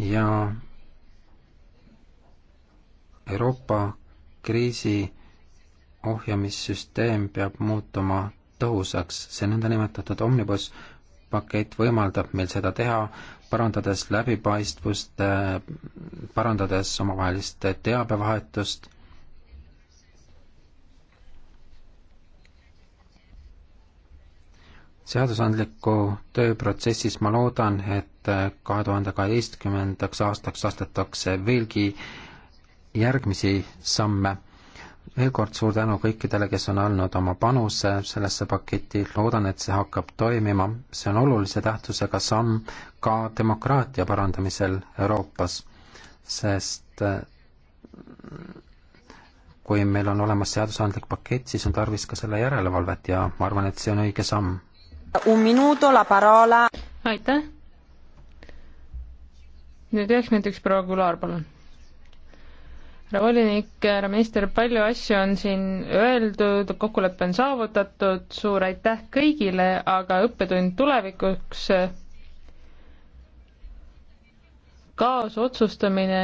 ja Euroopa kriisi ohjamissüsteem peab muutuma tõhusaks, see nõndanimetatud omnibus pakett võimaldab meil seda teha, parandades läbipaistvust, parandades omavahelist teabevahetust seadusandliku tööprotsessis ma loodan, et kahe tuhande kaheteistkümnendaks aastaks astutakse veelgi järgmisi samme. veel kord suur tänu kõikidele, kes on andnud oma panuse sellesse paketti, loodan, et see hakkab toimima, see on olulise tähtsusega samm ka demokraatia parandamisel Euroopas, sest äh, kui meil on olemas seadusandlik pakett, siis on tarvis ka selle järelevalvet ja ma arvan, et see on õige samm aitäh. nüüd üheks minutiks proua Kular, palun. härra volinik, härra minister, palju asju on siin öeldud, kokkulepe on saavutatud, suur aitäh kõigile, aga õppetund tulevikuks kaasotsustamine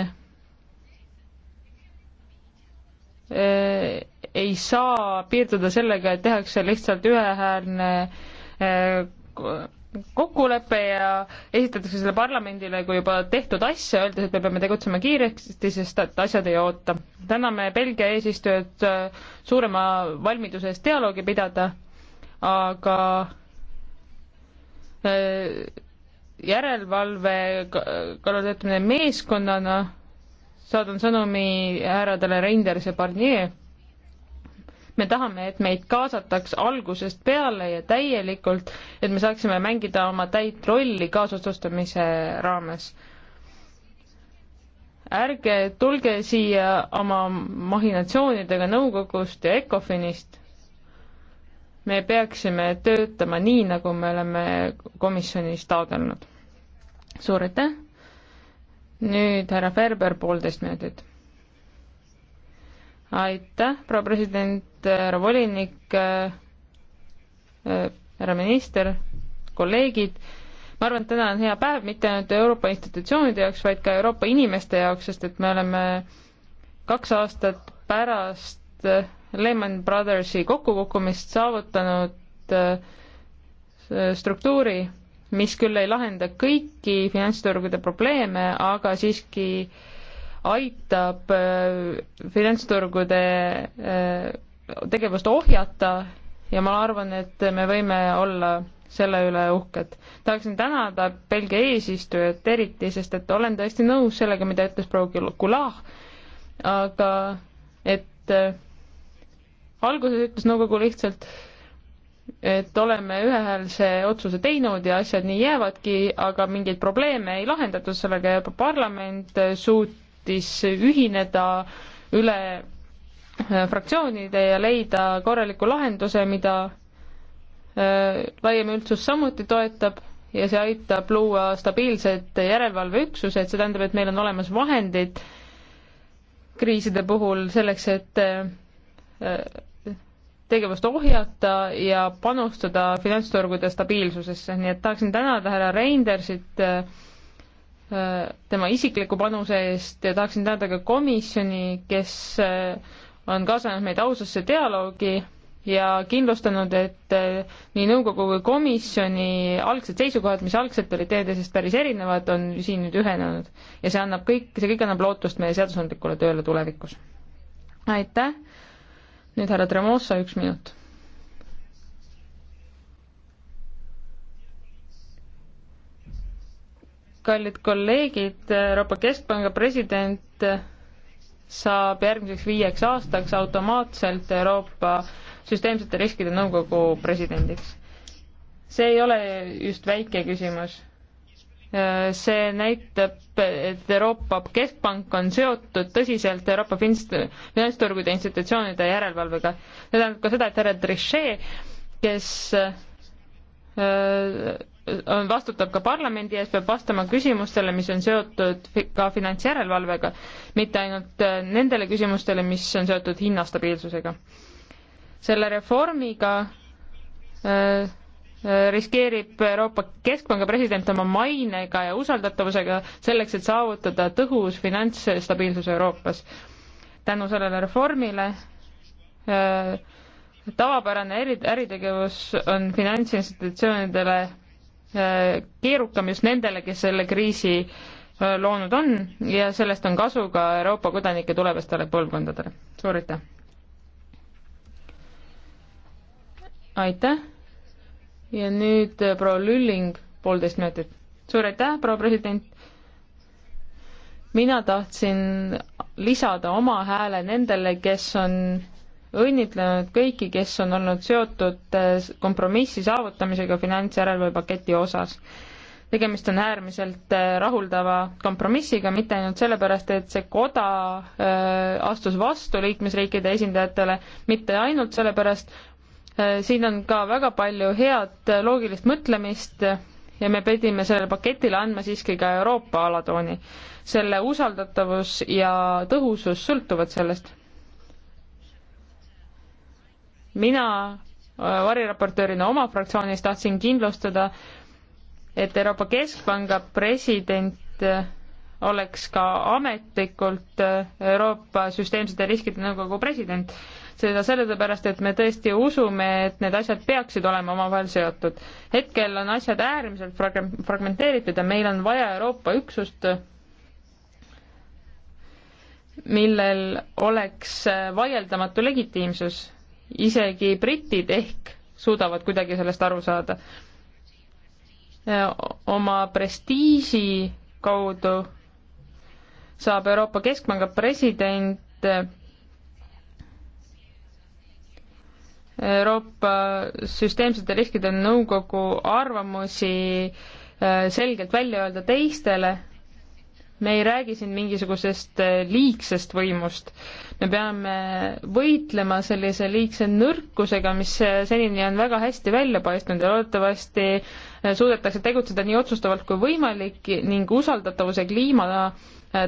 eh, ei saa piirduda sellega, et tehakse lihtsalt ühehäälne kokkulepe ja esitatakse selle parlamendile kui juba tehtud asja, öeldes, et me peame tegutsema kiiresti, sest et asjad ei oota. täname Belgia eesistujat äh, suurema valmiduse eest dialoogi pidada, aga äh, järelevalve kallal töötamine meeskonnana saadan sõnumi härradele Reinders ja Barnier me tahame, et meid kaasataks algusest peale ja täielikult, et me saaksime mängida oma täit rolli kaasotsustamise raames. ärge tulge siia oma mahinatsioonidega nõukogust ja ECOFINist. me peaksime töötama nii, nagu me oleme komisjonis taotlenud. suur aitäh! nüüd härra Ferber, poolteist minutit aitäh, proua president, Äh, härra volinik, äh, äh, härra minister, kolleegid, ma arvan, et täna on hea päev mitte ainult Euroopa institutsioonide jaoks, vaid ka Euroopa inimeste jaoks, sest et me oleme kaks aastat pärast Lehman Brothersi kokkukukkumist saavutanud struktuuri, mis küll ei lahenda kõiki finantsturgude probleeme, aga siiski aitab finantsturgude tegevust ohjata ja ma arvan, et me võime olla selle üle uhked. tahaksin tänada Belgia eesistujat eriti, sest et olen täiesti nõus sellega, mida ütles proua Gulag, aga et äh, alguses ütles nõukogu lihtsalt, et oleme ühehäälse otsuse teinud ja asjad nii jäävadki, aga mingeid probleeme ei lahendatud sellega ja parlament äh, suutis ühineda üle Äh, fraktsioonide ja leida korraliku lahenduse, mida äh, laiem üldsus samuti toetab ja see aitab luua stabiilsed järelevalveüksused, see tähendab, et meil on olemas vahendid kriiside puhul selleks, et äh, tegevust ohjata ja panustada finantsturgude stabiilsusesse, nii et tahaksin tänada härra Reindersit tema isikliku panuse eest ja tahaksin tänada ka komisjoni, kes on kaasanud meid ausasse dialoogi ja kindlustanud, et eh, nii nõukogu kui komisjoni algsed seisukohad, mis algselt olid teineteisest päris erinevad, on siin nüüd ühenenud. ja see annab kõik, see kõik annab lootust meie seadusandlikule tööle tulevikus. aitäh, nüüd härra Tremosa, üks minut. kallid kolleegid, Euroopa Keskpanga president saab järgmiseks viieks aastaks automaatselt Euroopa süsteemsete riskide nõukogu presidendiks. see ei ole just väike küsimus. Äh, see näitab, et Euroopa Keskpank on seotud tõsiselt Euroopa finantsturgude institutsioonide järelevalvega. see tähendab ka seda, et härra Trichet, kes äh, on, vastutab ka parlamendi ees, peab vastama küsimustele, mis on seotud ka finantsjärelevalvega, mitte ainult äh, nendele küsimustele, mis on seotud hinnastabiilsusega. selle reformiga äh, äh, riskeerib Euroopa Keskpanga president oma mainega ja usaldatavusega selleks, et saavutada tõhus finantsstabiilsus Euroopas. tänu sellele reformile äh, tavapärane äri, äritegevus on finantsinstitutsioonidele keerukam just nendele, kes selle kriisi äh, loonud on ja sellest on kasu ka Euroopa kodanike tulevastele põlvkondadele. suur aitäh! aitäh! ja nüüd äh, proua Lülling, poolteist minutit. suur aitäh, proua president! mina tahtsin lisada oma hääle nendele, kes on õnnitlenud kõiki, kes on olnud seotud eh, kompromissi saavutamisega finantsjärelevalvepaketi osas. tegemist on äärmiselt eh, rahuldava kompromissiga, mitte ainult sellepärast, et see koda eh, astus vastu liikmesriikide esindajatele, mitte ainult sellepärast, siin on ka väga palju head loogilist mõtlemist ja me pidime sellele paketile andma siiski ka Euroopa alatooni. selle usaldatavus ja tõhusus sõltuvad sellest mina äh, variraportöörina oma fraktsioonis tahtsin kindlustada, et Euroopa Keskpanga president äh, oleks ka ametlikult äh, Euroopa Süsteemsete Riskide Nõukogu president. seda sellepärast, et me tõesti usume, et need asjad peaksid olema omavahel seotud. hetkel on asjad äärmiselt fragmenteeritud ja meil on vaja Euroopa üksust, millel oleks vaieldamatu legitiimsus isegi britid ehk suudavad kuidagi sellest aru saada. oma prestiiži kaudu saab Euroopa Keskpanga president Euroopa süsteemsete riskide nõukogu arvamusi äh, selgelt välja öelda teistele me ei räägi siin mingisugusest äh, liigsest võimust. me peame võitlema sellise liigse nõrkusega, mis äh, senini on väga hästi välja paistnud ja loodetavasti äh, suudetakse tegutseda nii otsustavalt kui võimalik ning usaldatavuse kliima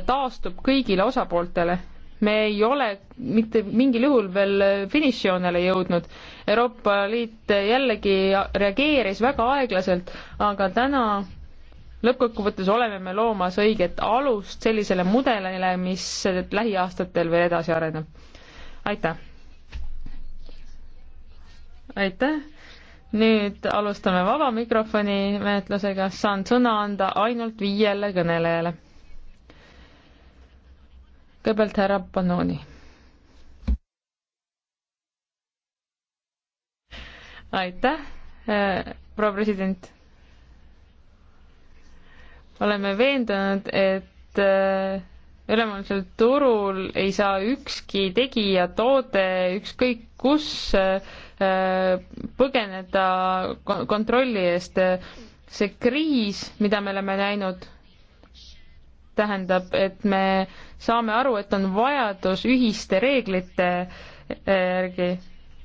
taastub kõigile osapooltele. me ei ole mitte mingil juhul veel finišijoonele jõudnud. Euroopa Liit jällegi reageeris väga aeglaselt, aga täna lõppkokkuvõttes oleme me loomas õiget alust sellisele mudelile, mis lähiaastatel veel edasi areneb. aitäh! aitäh! nüüd alustame vaba mikrofoni menetlusega, saan sõna anda ainult viiele kõnelejale. kõigepealt härra Pannoni. aitäh, eh, proua president oleme veendunud, et äh, ülemaailmsel turul ei saa ükski tegija, toode, ükskõik kus äh, põgeneda kontrolli eest. see kriis, mida me oleme näinud, tähendab, et me saame aru, et on vajadus ühiste reeglite äh, järgi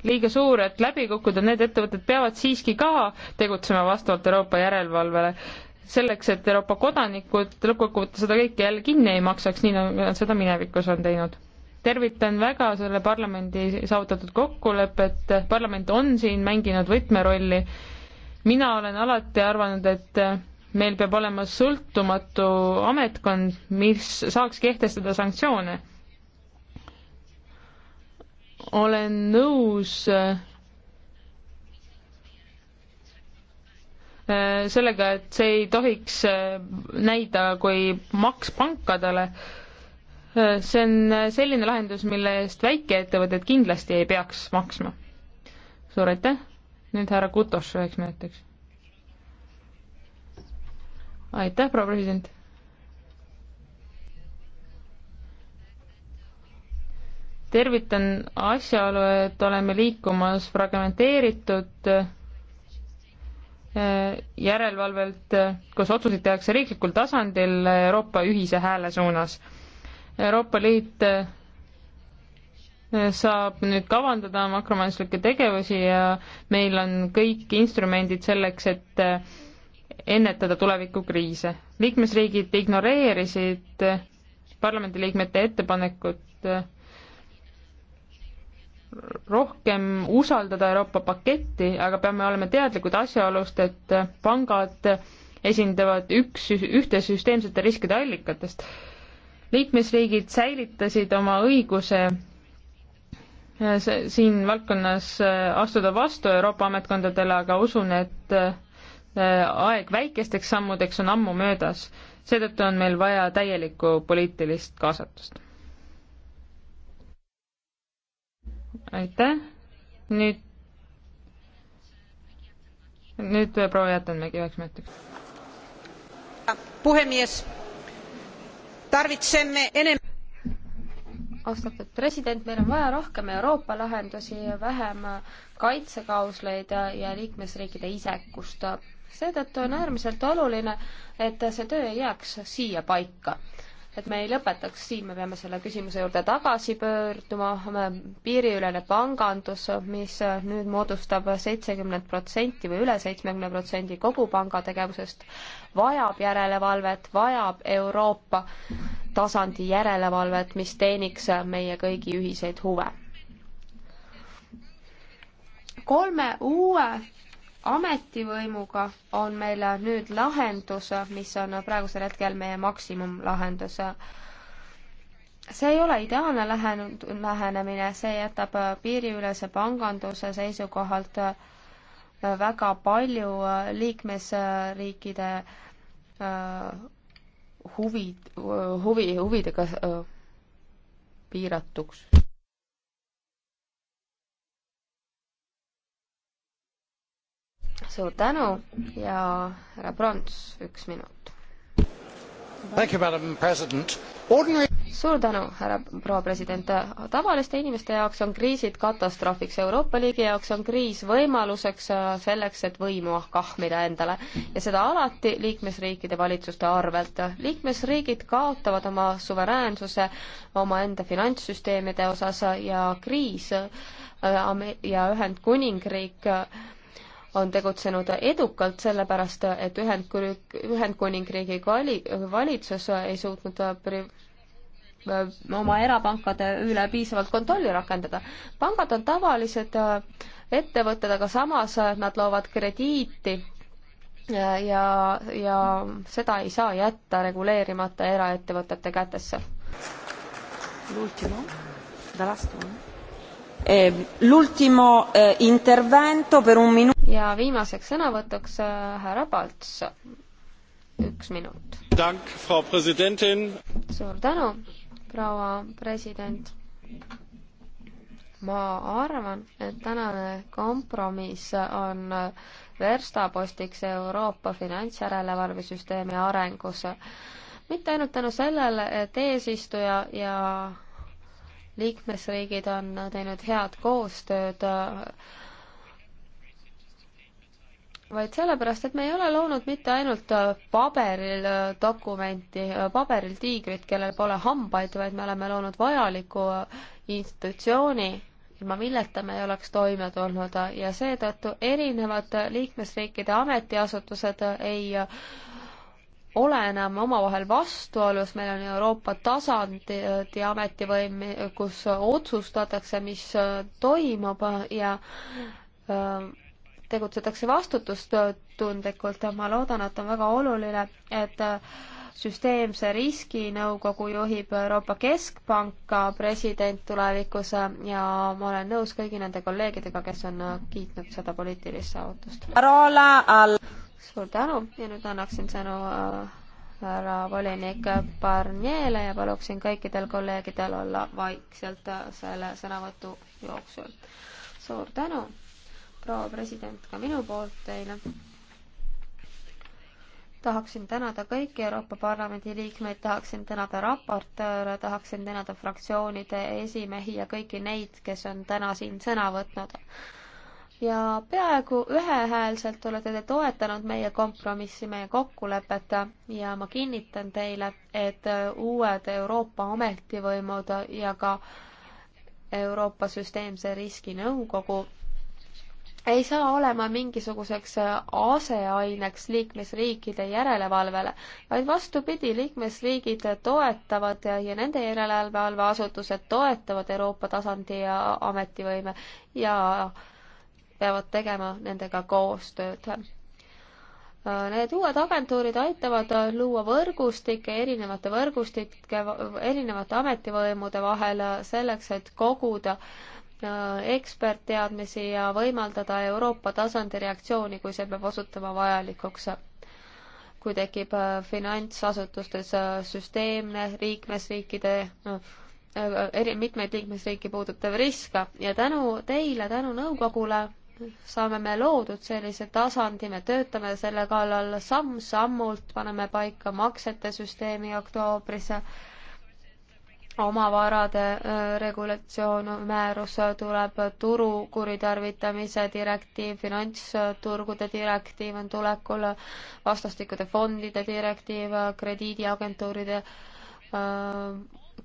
liiga suur, et läbi kukkuda, need ettevõtted peavad siiski ka tegutsema vastavalt Euroopa järelevalvele selleks, et Euroopa kodanikud lõppkokkuvõttes seda kõike jälle kinni ei maksaks, nii nagu nad seda minevikus on teinud. tervitan väga selle parlamendi saavutatud kokkulepet, parlament on siin mänginud võtmerolli. mina olen alati arvanud, et meil peab olema sõltumatu ametkond, mis saaks kehtestada sanktsioone. olen nõus Äh, sellega, et see ei tohiks äh, näida kui maks pankadele. Äh, see on selline lahendus, mille eest väikeettevõtted kindlasti ei peaks maksma. suur aitäh, nüüd härra Kutos üheks minutiks. aitäh, proua president tervitan asjaolu, et oleme liikumas fragmenteeritud järelevalvelt, kus otsuseid tehakse riiklikul tasandil Euroopa ühise hääle suunas. Euroopa Liit eh, saab nüüd kavandada makromajanduslikke tegevusi ja meil on kõik instrumendid selleks, et eh, ennetada tulevikukriise. liikmesriigid ignoreerisid eh, parlamendiliikmete ettepanekut rohkem usaldada Euroopa paketti, aga peame olema teadlikud asjaolust, et pangad esindavad üks, ühte süsteemsete riskide allikatest. liikmesriigid säilitasid oma õiguse äh, siin valdkonnas äh, astuda vastu Euroopa ametkondadele, aga usun, et äh, aeg väikesteks sammudeks on ammu möödas. seetõttu on meil vaja täielikku poliitilist kaasatust. aitäh, nüüd, nüüd äh, proua Jätenmägi üheks minutiks. Ah, puhemees, tarvitseme enem-. austatud president, meil on vaja rohkem Euroopa lahendusi, vähem äh, kaitsekausleid ja liikmesriikide isekust. seetõttu on äärmiselt oluline, et see töö ei jääks siiapaika et me ei lõpetaks siin, me peame selle küsimuse juurde tagasi pöörduma, piiriülene pangandus, mis nüüd moodustab seitsekümmend protsenti või üle seitsmekümne protsendi kogu panga tegevusest, vajab järelevalvet, vajab Euroopa tasandi järelevalvet, mis teeniks meie kõigi ühiseid huve. kolme uue ametivõimuga on meil nüüd lahendus, mis on praegusel hetkel meie maksimumlahendus. see ei ole ideaalne lähenud, lähenemine, see jätab piiriülese panganduse seisukohalt väga palju liikmesriikide äh, huvid, huvi, huvidega äh, piiratuks. suur tänu ja härra Prants, üks minut. Ordinary... suur tänu, härra proua president. tavaliste inimeste jaoks on kriisid katastroofiks, Euroopa Liidu jaoks on kriis võimaluseks äh, selleks, et võimu kahmida endale ja seda alati liikmesriikide valitsuste arvelt. liikmesriigid kaotavad oma suveräänsuse omaenda finantssüsteemide osas ja kriis äh, ja Ühendkuningriik on tegutsenud edukalt, sellepärast et Ühendkuning, Ühendkuningriigi vali-, valitsus ei suutnud pri-, oma erapankade üle piisavalt kontrolli rakendada. pangad on tavalised ettevõtted, aga samas nad loovad krediiti ja, ja, ja seda ei saa jätta reguleerimata eraettevõtete kätesse. L'ultimo eh, eh, intervento per un minuto ja viimaseks sõnavõtuks äh, härra Palts. üks minut. suur tänu, proua president. ma arvan, et tänane kompromiss on verstapostiks Euroopa finantsjärelevalvesüsteemi arengus. mitte ainult tänu sellele, et eesistuja ja liikmesriigid on teinud head koostööd vaid sellepärast, et me ei ole loonud mitte ainult äh, paberil äh, dokumenti, äh, paberil tiigrit, kellel pole hambaid, vaid me oleme loonud vajaliku institutsiooni, ilma milleta me ei oleks toime tulnud ja seetõttu erinevad liikmesriikide ametiasutused ei ole enam omavahel vastuolus, meil on Euroopa tasandi ametivõim, kus otsustatakse, mis toimub ja öö, tegutsetakse vastutustundlikult. ma loodan, et on väga oluline, et süsteemse riski nõukogu juhib Euroopa Keskpanka president tulevikus ja ma olen nõus kõigi nende kolleegidega, kes on kiitnud seda poliitilist saavutust. suur tänu ja nüüd annaksin sõnu äh, härra volinik Barniele ja paluksin kõikidel kolleegidel olla vaikselt äh, selle sõnavõtu jooksul. suur tänu proua president, ka minu poolt teile. tahaksin tänada kõiki Euroopa Parlamendi liikmeid, tahaksin tänada raportööre, tahaksin tänada fraktsioonide esimehi ja kõiki neid, kes on täna siin sõna võtnud ja peaaegu ühehäälselt olete te toetanud meie kompromissi, meie kokkulepet ja ma kinnitan teile, et uued Euroopa ametivõimud ja ka Euroopa Süsteemse Riski Nõukogu ei saa olema mingisuguseks äh, aseaineks liikmesriikide järelevalvele, vaid vastupidi, liikmesriigid toetavad ja, ja nende järelevalveasutused toetavad Euroopa tasandi ja äh, ametivõime ja peavad tegema nendega koostööd. Äh, need uued agentuurid aitavad luua võrgustikke erinevate võrgustike, erinevate ametivõimude vahel selleks, et koguda äh, Äh, ekspertteadmisi ja võimaldada Euroopa tasandi reaktsiooni, kui see peab osutuma vajalikuks. kui tekib äh, finantsasutustes äh, süsteemne liikmesriikide eri, mitmeid liikmesriike puudutav risk ja tänu teile, tänu nõukogule saame me loodud sellise tasandi, me töötame selle kallal samm-sammult, paneme paika maksete süsteemi oktoobris omavarade äh, regulatsioon, määrus tuleb turu kuritarvitamise direktiiv, finantsturgude direktiiv on tulekul, vastastikude fondide direktiiv, krediidiagentuuride äh,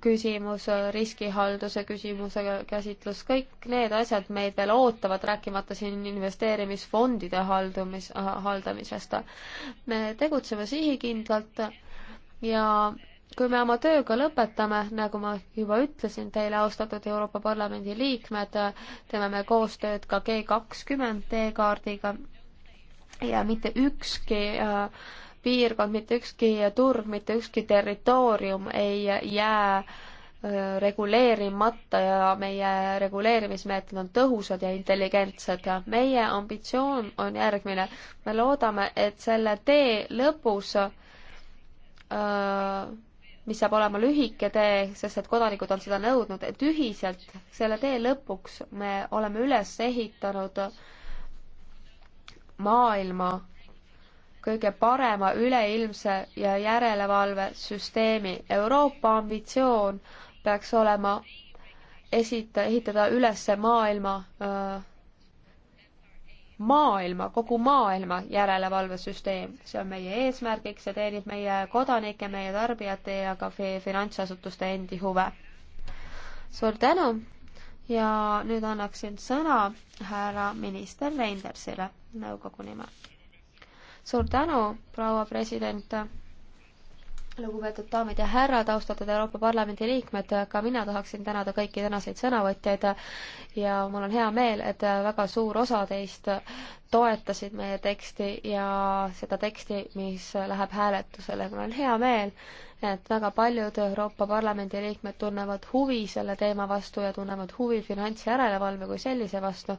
küsimus, riskihalduse küsimuse käsitlus, kõik need asjad meid veel ootavad, rääkimata siin investeerimisfondide haldumis, haldamisest. me tegutseme sihikindlalt ja kui me oma tööga lõpetame, nagu ma juba ütlesin teile, austatud Euroopa Parlamendi liikmed, teeme me koostööd ka G kakskümmend teekaardiga ja mitte ükski äh, piirkond, mitte ükski turg, mitte ükski territoorium ei jää äh, reguleerimata ja meie reguleerimismeetmed on tõhusad ja intelligentsed. meie ambitsioon on järgmine. me loodame, et selle tee lõpus öö, äh, mis saab olema lühike tee, sest et kodanikud on seda nõudnud, et ühiselt selle tee lõpuks me oleme üles ehitanud maailma kõige parema üleilmse ja järelevalvesüsteemi. Euroopa ambitsioon peaks olema esita-, ehitada üles maailma öö, maailma, kogu maailma järelevalvesüsteem. see on meie eesmärgiks, see teenib meie kodanike, meie tarbijate ja ka finantsasutuste endi huve. suur tänu ja nüüd annaksin sõna härra minister Reindersile nõukogu nimel. suur tänu, proua president lugupeetud daamid ja härrad, austatud Euroopa Parlamendi liikmed, ka mina tahaksin tänada kõiki tänaseid sõnavõtjaid ja mul on hea meel, et väga suur osa teist toetasid meie teksti ja seda teksti, mis läheb hääletusele. mul on hea meel, et väga paljud Euroopa Parlamendi liikmed tunnevad huvi selle teema vastu ja tunnevad huvi finantsjärelevalve kui sellise vastu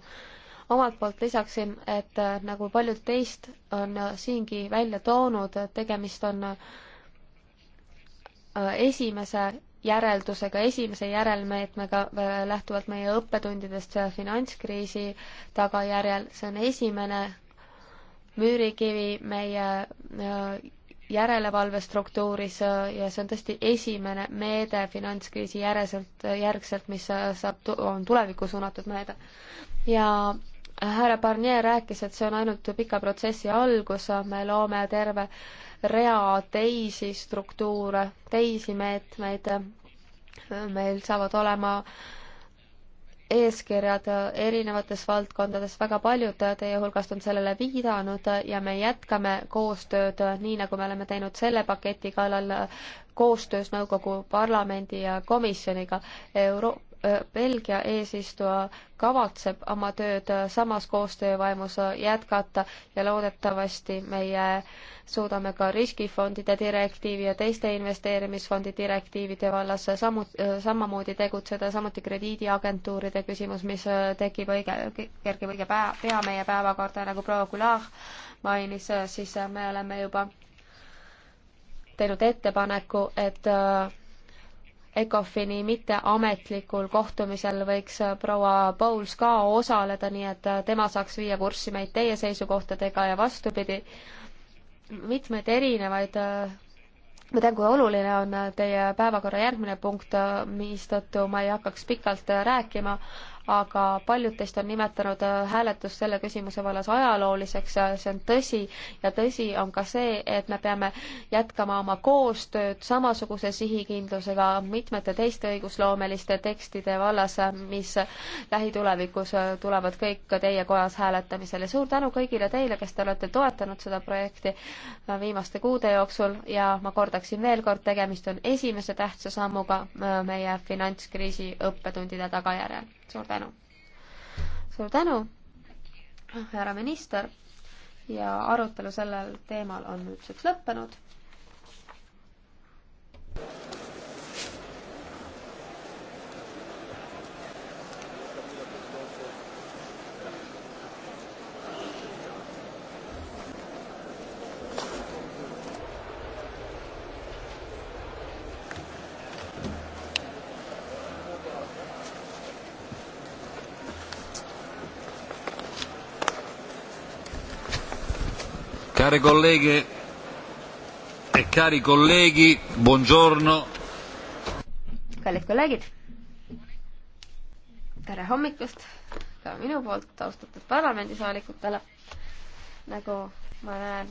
omalt poolt lisaksin, et nagu paljud teist on siingi välja toonud, tegemist on Äh, esimese järeldusega, esimese järelmeetmega äh, lähtuvalt meie õppetundidest finantskriisi tagajärjel, see on esimene müürikivi meie äh, järelevalvestruktuuris ja see on tõesti esimene meede finantskriisi järjeselt, järgselt, mis saab, on tulevikku suunatud meede. ja härra Barnier rääkis, et see on ainult pika protsessi algus, me loome terve rea teisi struktuure, teisi meetmeid, meil saavad olema eeskirjad erinevates valdkondades, väga paljud teie hulgast on sellele viidanud ja me jätkame koostööd, nii nagu me oleme teinud selle paketi kallal, koostöös Nõukogu Parlamendi ja Komisjoniga Euro-, Äh, Belgia eesistuja kavatseb oma tööd äh, samas koostöövaimus äh, jätkata ja loodetavasti meie suudame ka riskifondide direktiivi ja teiste investeerimisfondi direktiivide vallas samu-, samamoodi tegutseda, samuti krediidiagentuuride küsimus, mis tekib õige, kergib õige pea, pea meie päevakorda, nagu proua Goulart mainis, siis me oleme juba teinud ettepaneku, et ECOFIN-i mitteametlikul kohtumisel võiks äh, proua Bowles ka osaleda, nii et äh, tema saaks viia kurssi meid teie seisukohtadega ja vastupidi. mitmeid erinevaid, äh, ma tean, kui oluline on teie päevakorra järgmine punkt, mistõttu ma ei hakkaks pikalt rääkima, aga paljud teist on nimetanud äh, hääletust selle küsimuse vallas ajalooliseks, äh, see on tõsi, ja tõsi on ka see, et me peame jätkama oma koostööd samasuguse sihikindlusega mitmete teiste õigusloomeliste tekstide vallas, äh, mis lähitulevikus tulevad kõik teie kojas hääletamisele. suur tänu kõigile teile, kes te olete toetanud seda projekti viimaste kuude jooksul ja ma kordaksin veel kord, tegemist on esimese tähtsa sammuga meie finantskriisi õppetundide tagajärjel suur tänu! suur tänu, härra minister, ja arutelu sellel teemal on nüüdseks lõppenud. Care colleghe e cari colleghi, buongiorno. kallid kolleegid, tere hommikust ka minu poolt austatud parlamendisaalikutele. nagu ma näen,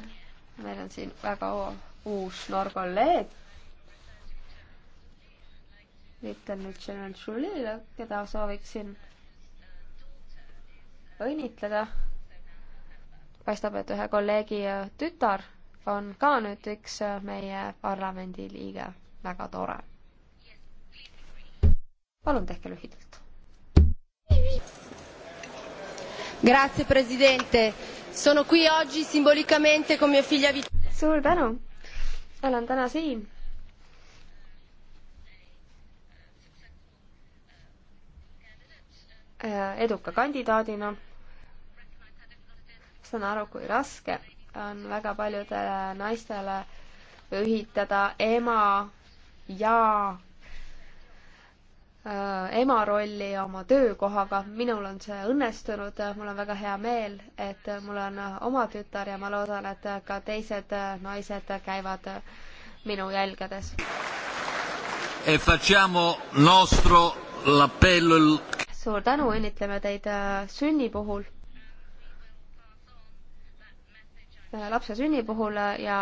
meil on siin väga uus noor kolleeg. ütlen nüüd Sharon Schulile, keda sooviksin õnnitleda paistab, et ühe kolleegi tütar on ka nüüd üks meie parlamendi liige. väga tore. palun tehke lühidalt. Grazie presidente, sono qui oggi simbolicamente con mia figlia Vit-. suur tänu, olen täna siin äh, eduka kandidaadina saan aru, kui raske on väga paljudele naistele ühitada ema ja äh, ema rolli oma töökohaga. minul on see õnnestunud, mul on väga hea meel, et mul on oma tütar ja ma loodan, et ka teised äh, naised käivad äh, minu jälgedes. E suur tänu, õnnitleme teid äh, sünni puhul lapse sünni puhul ja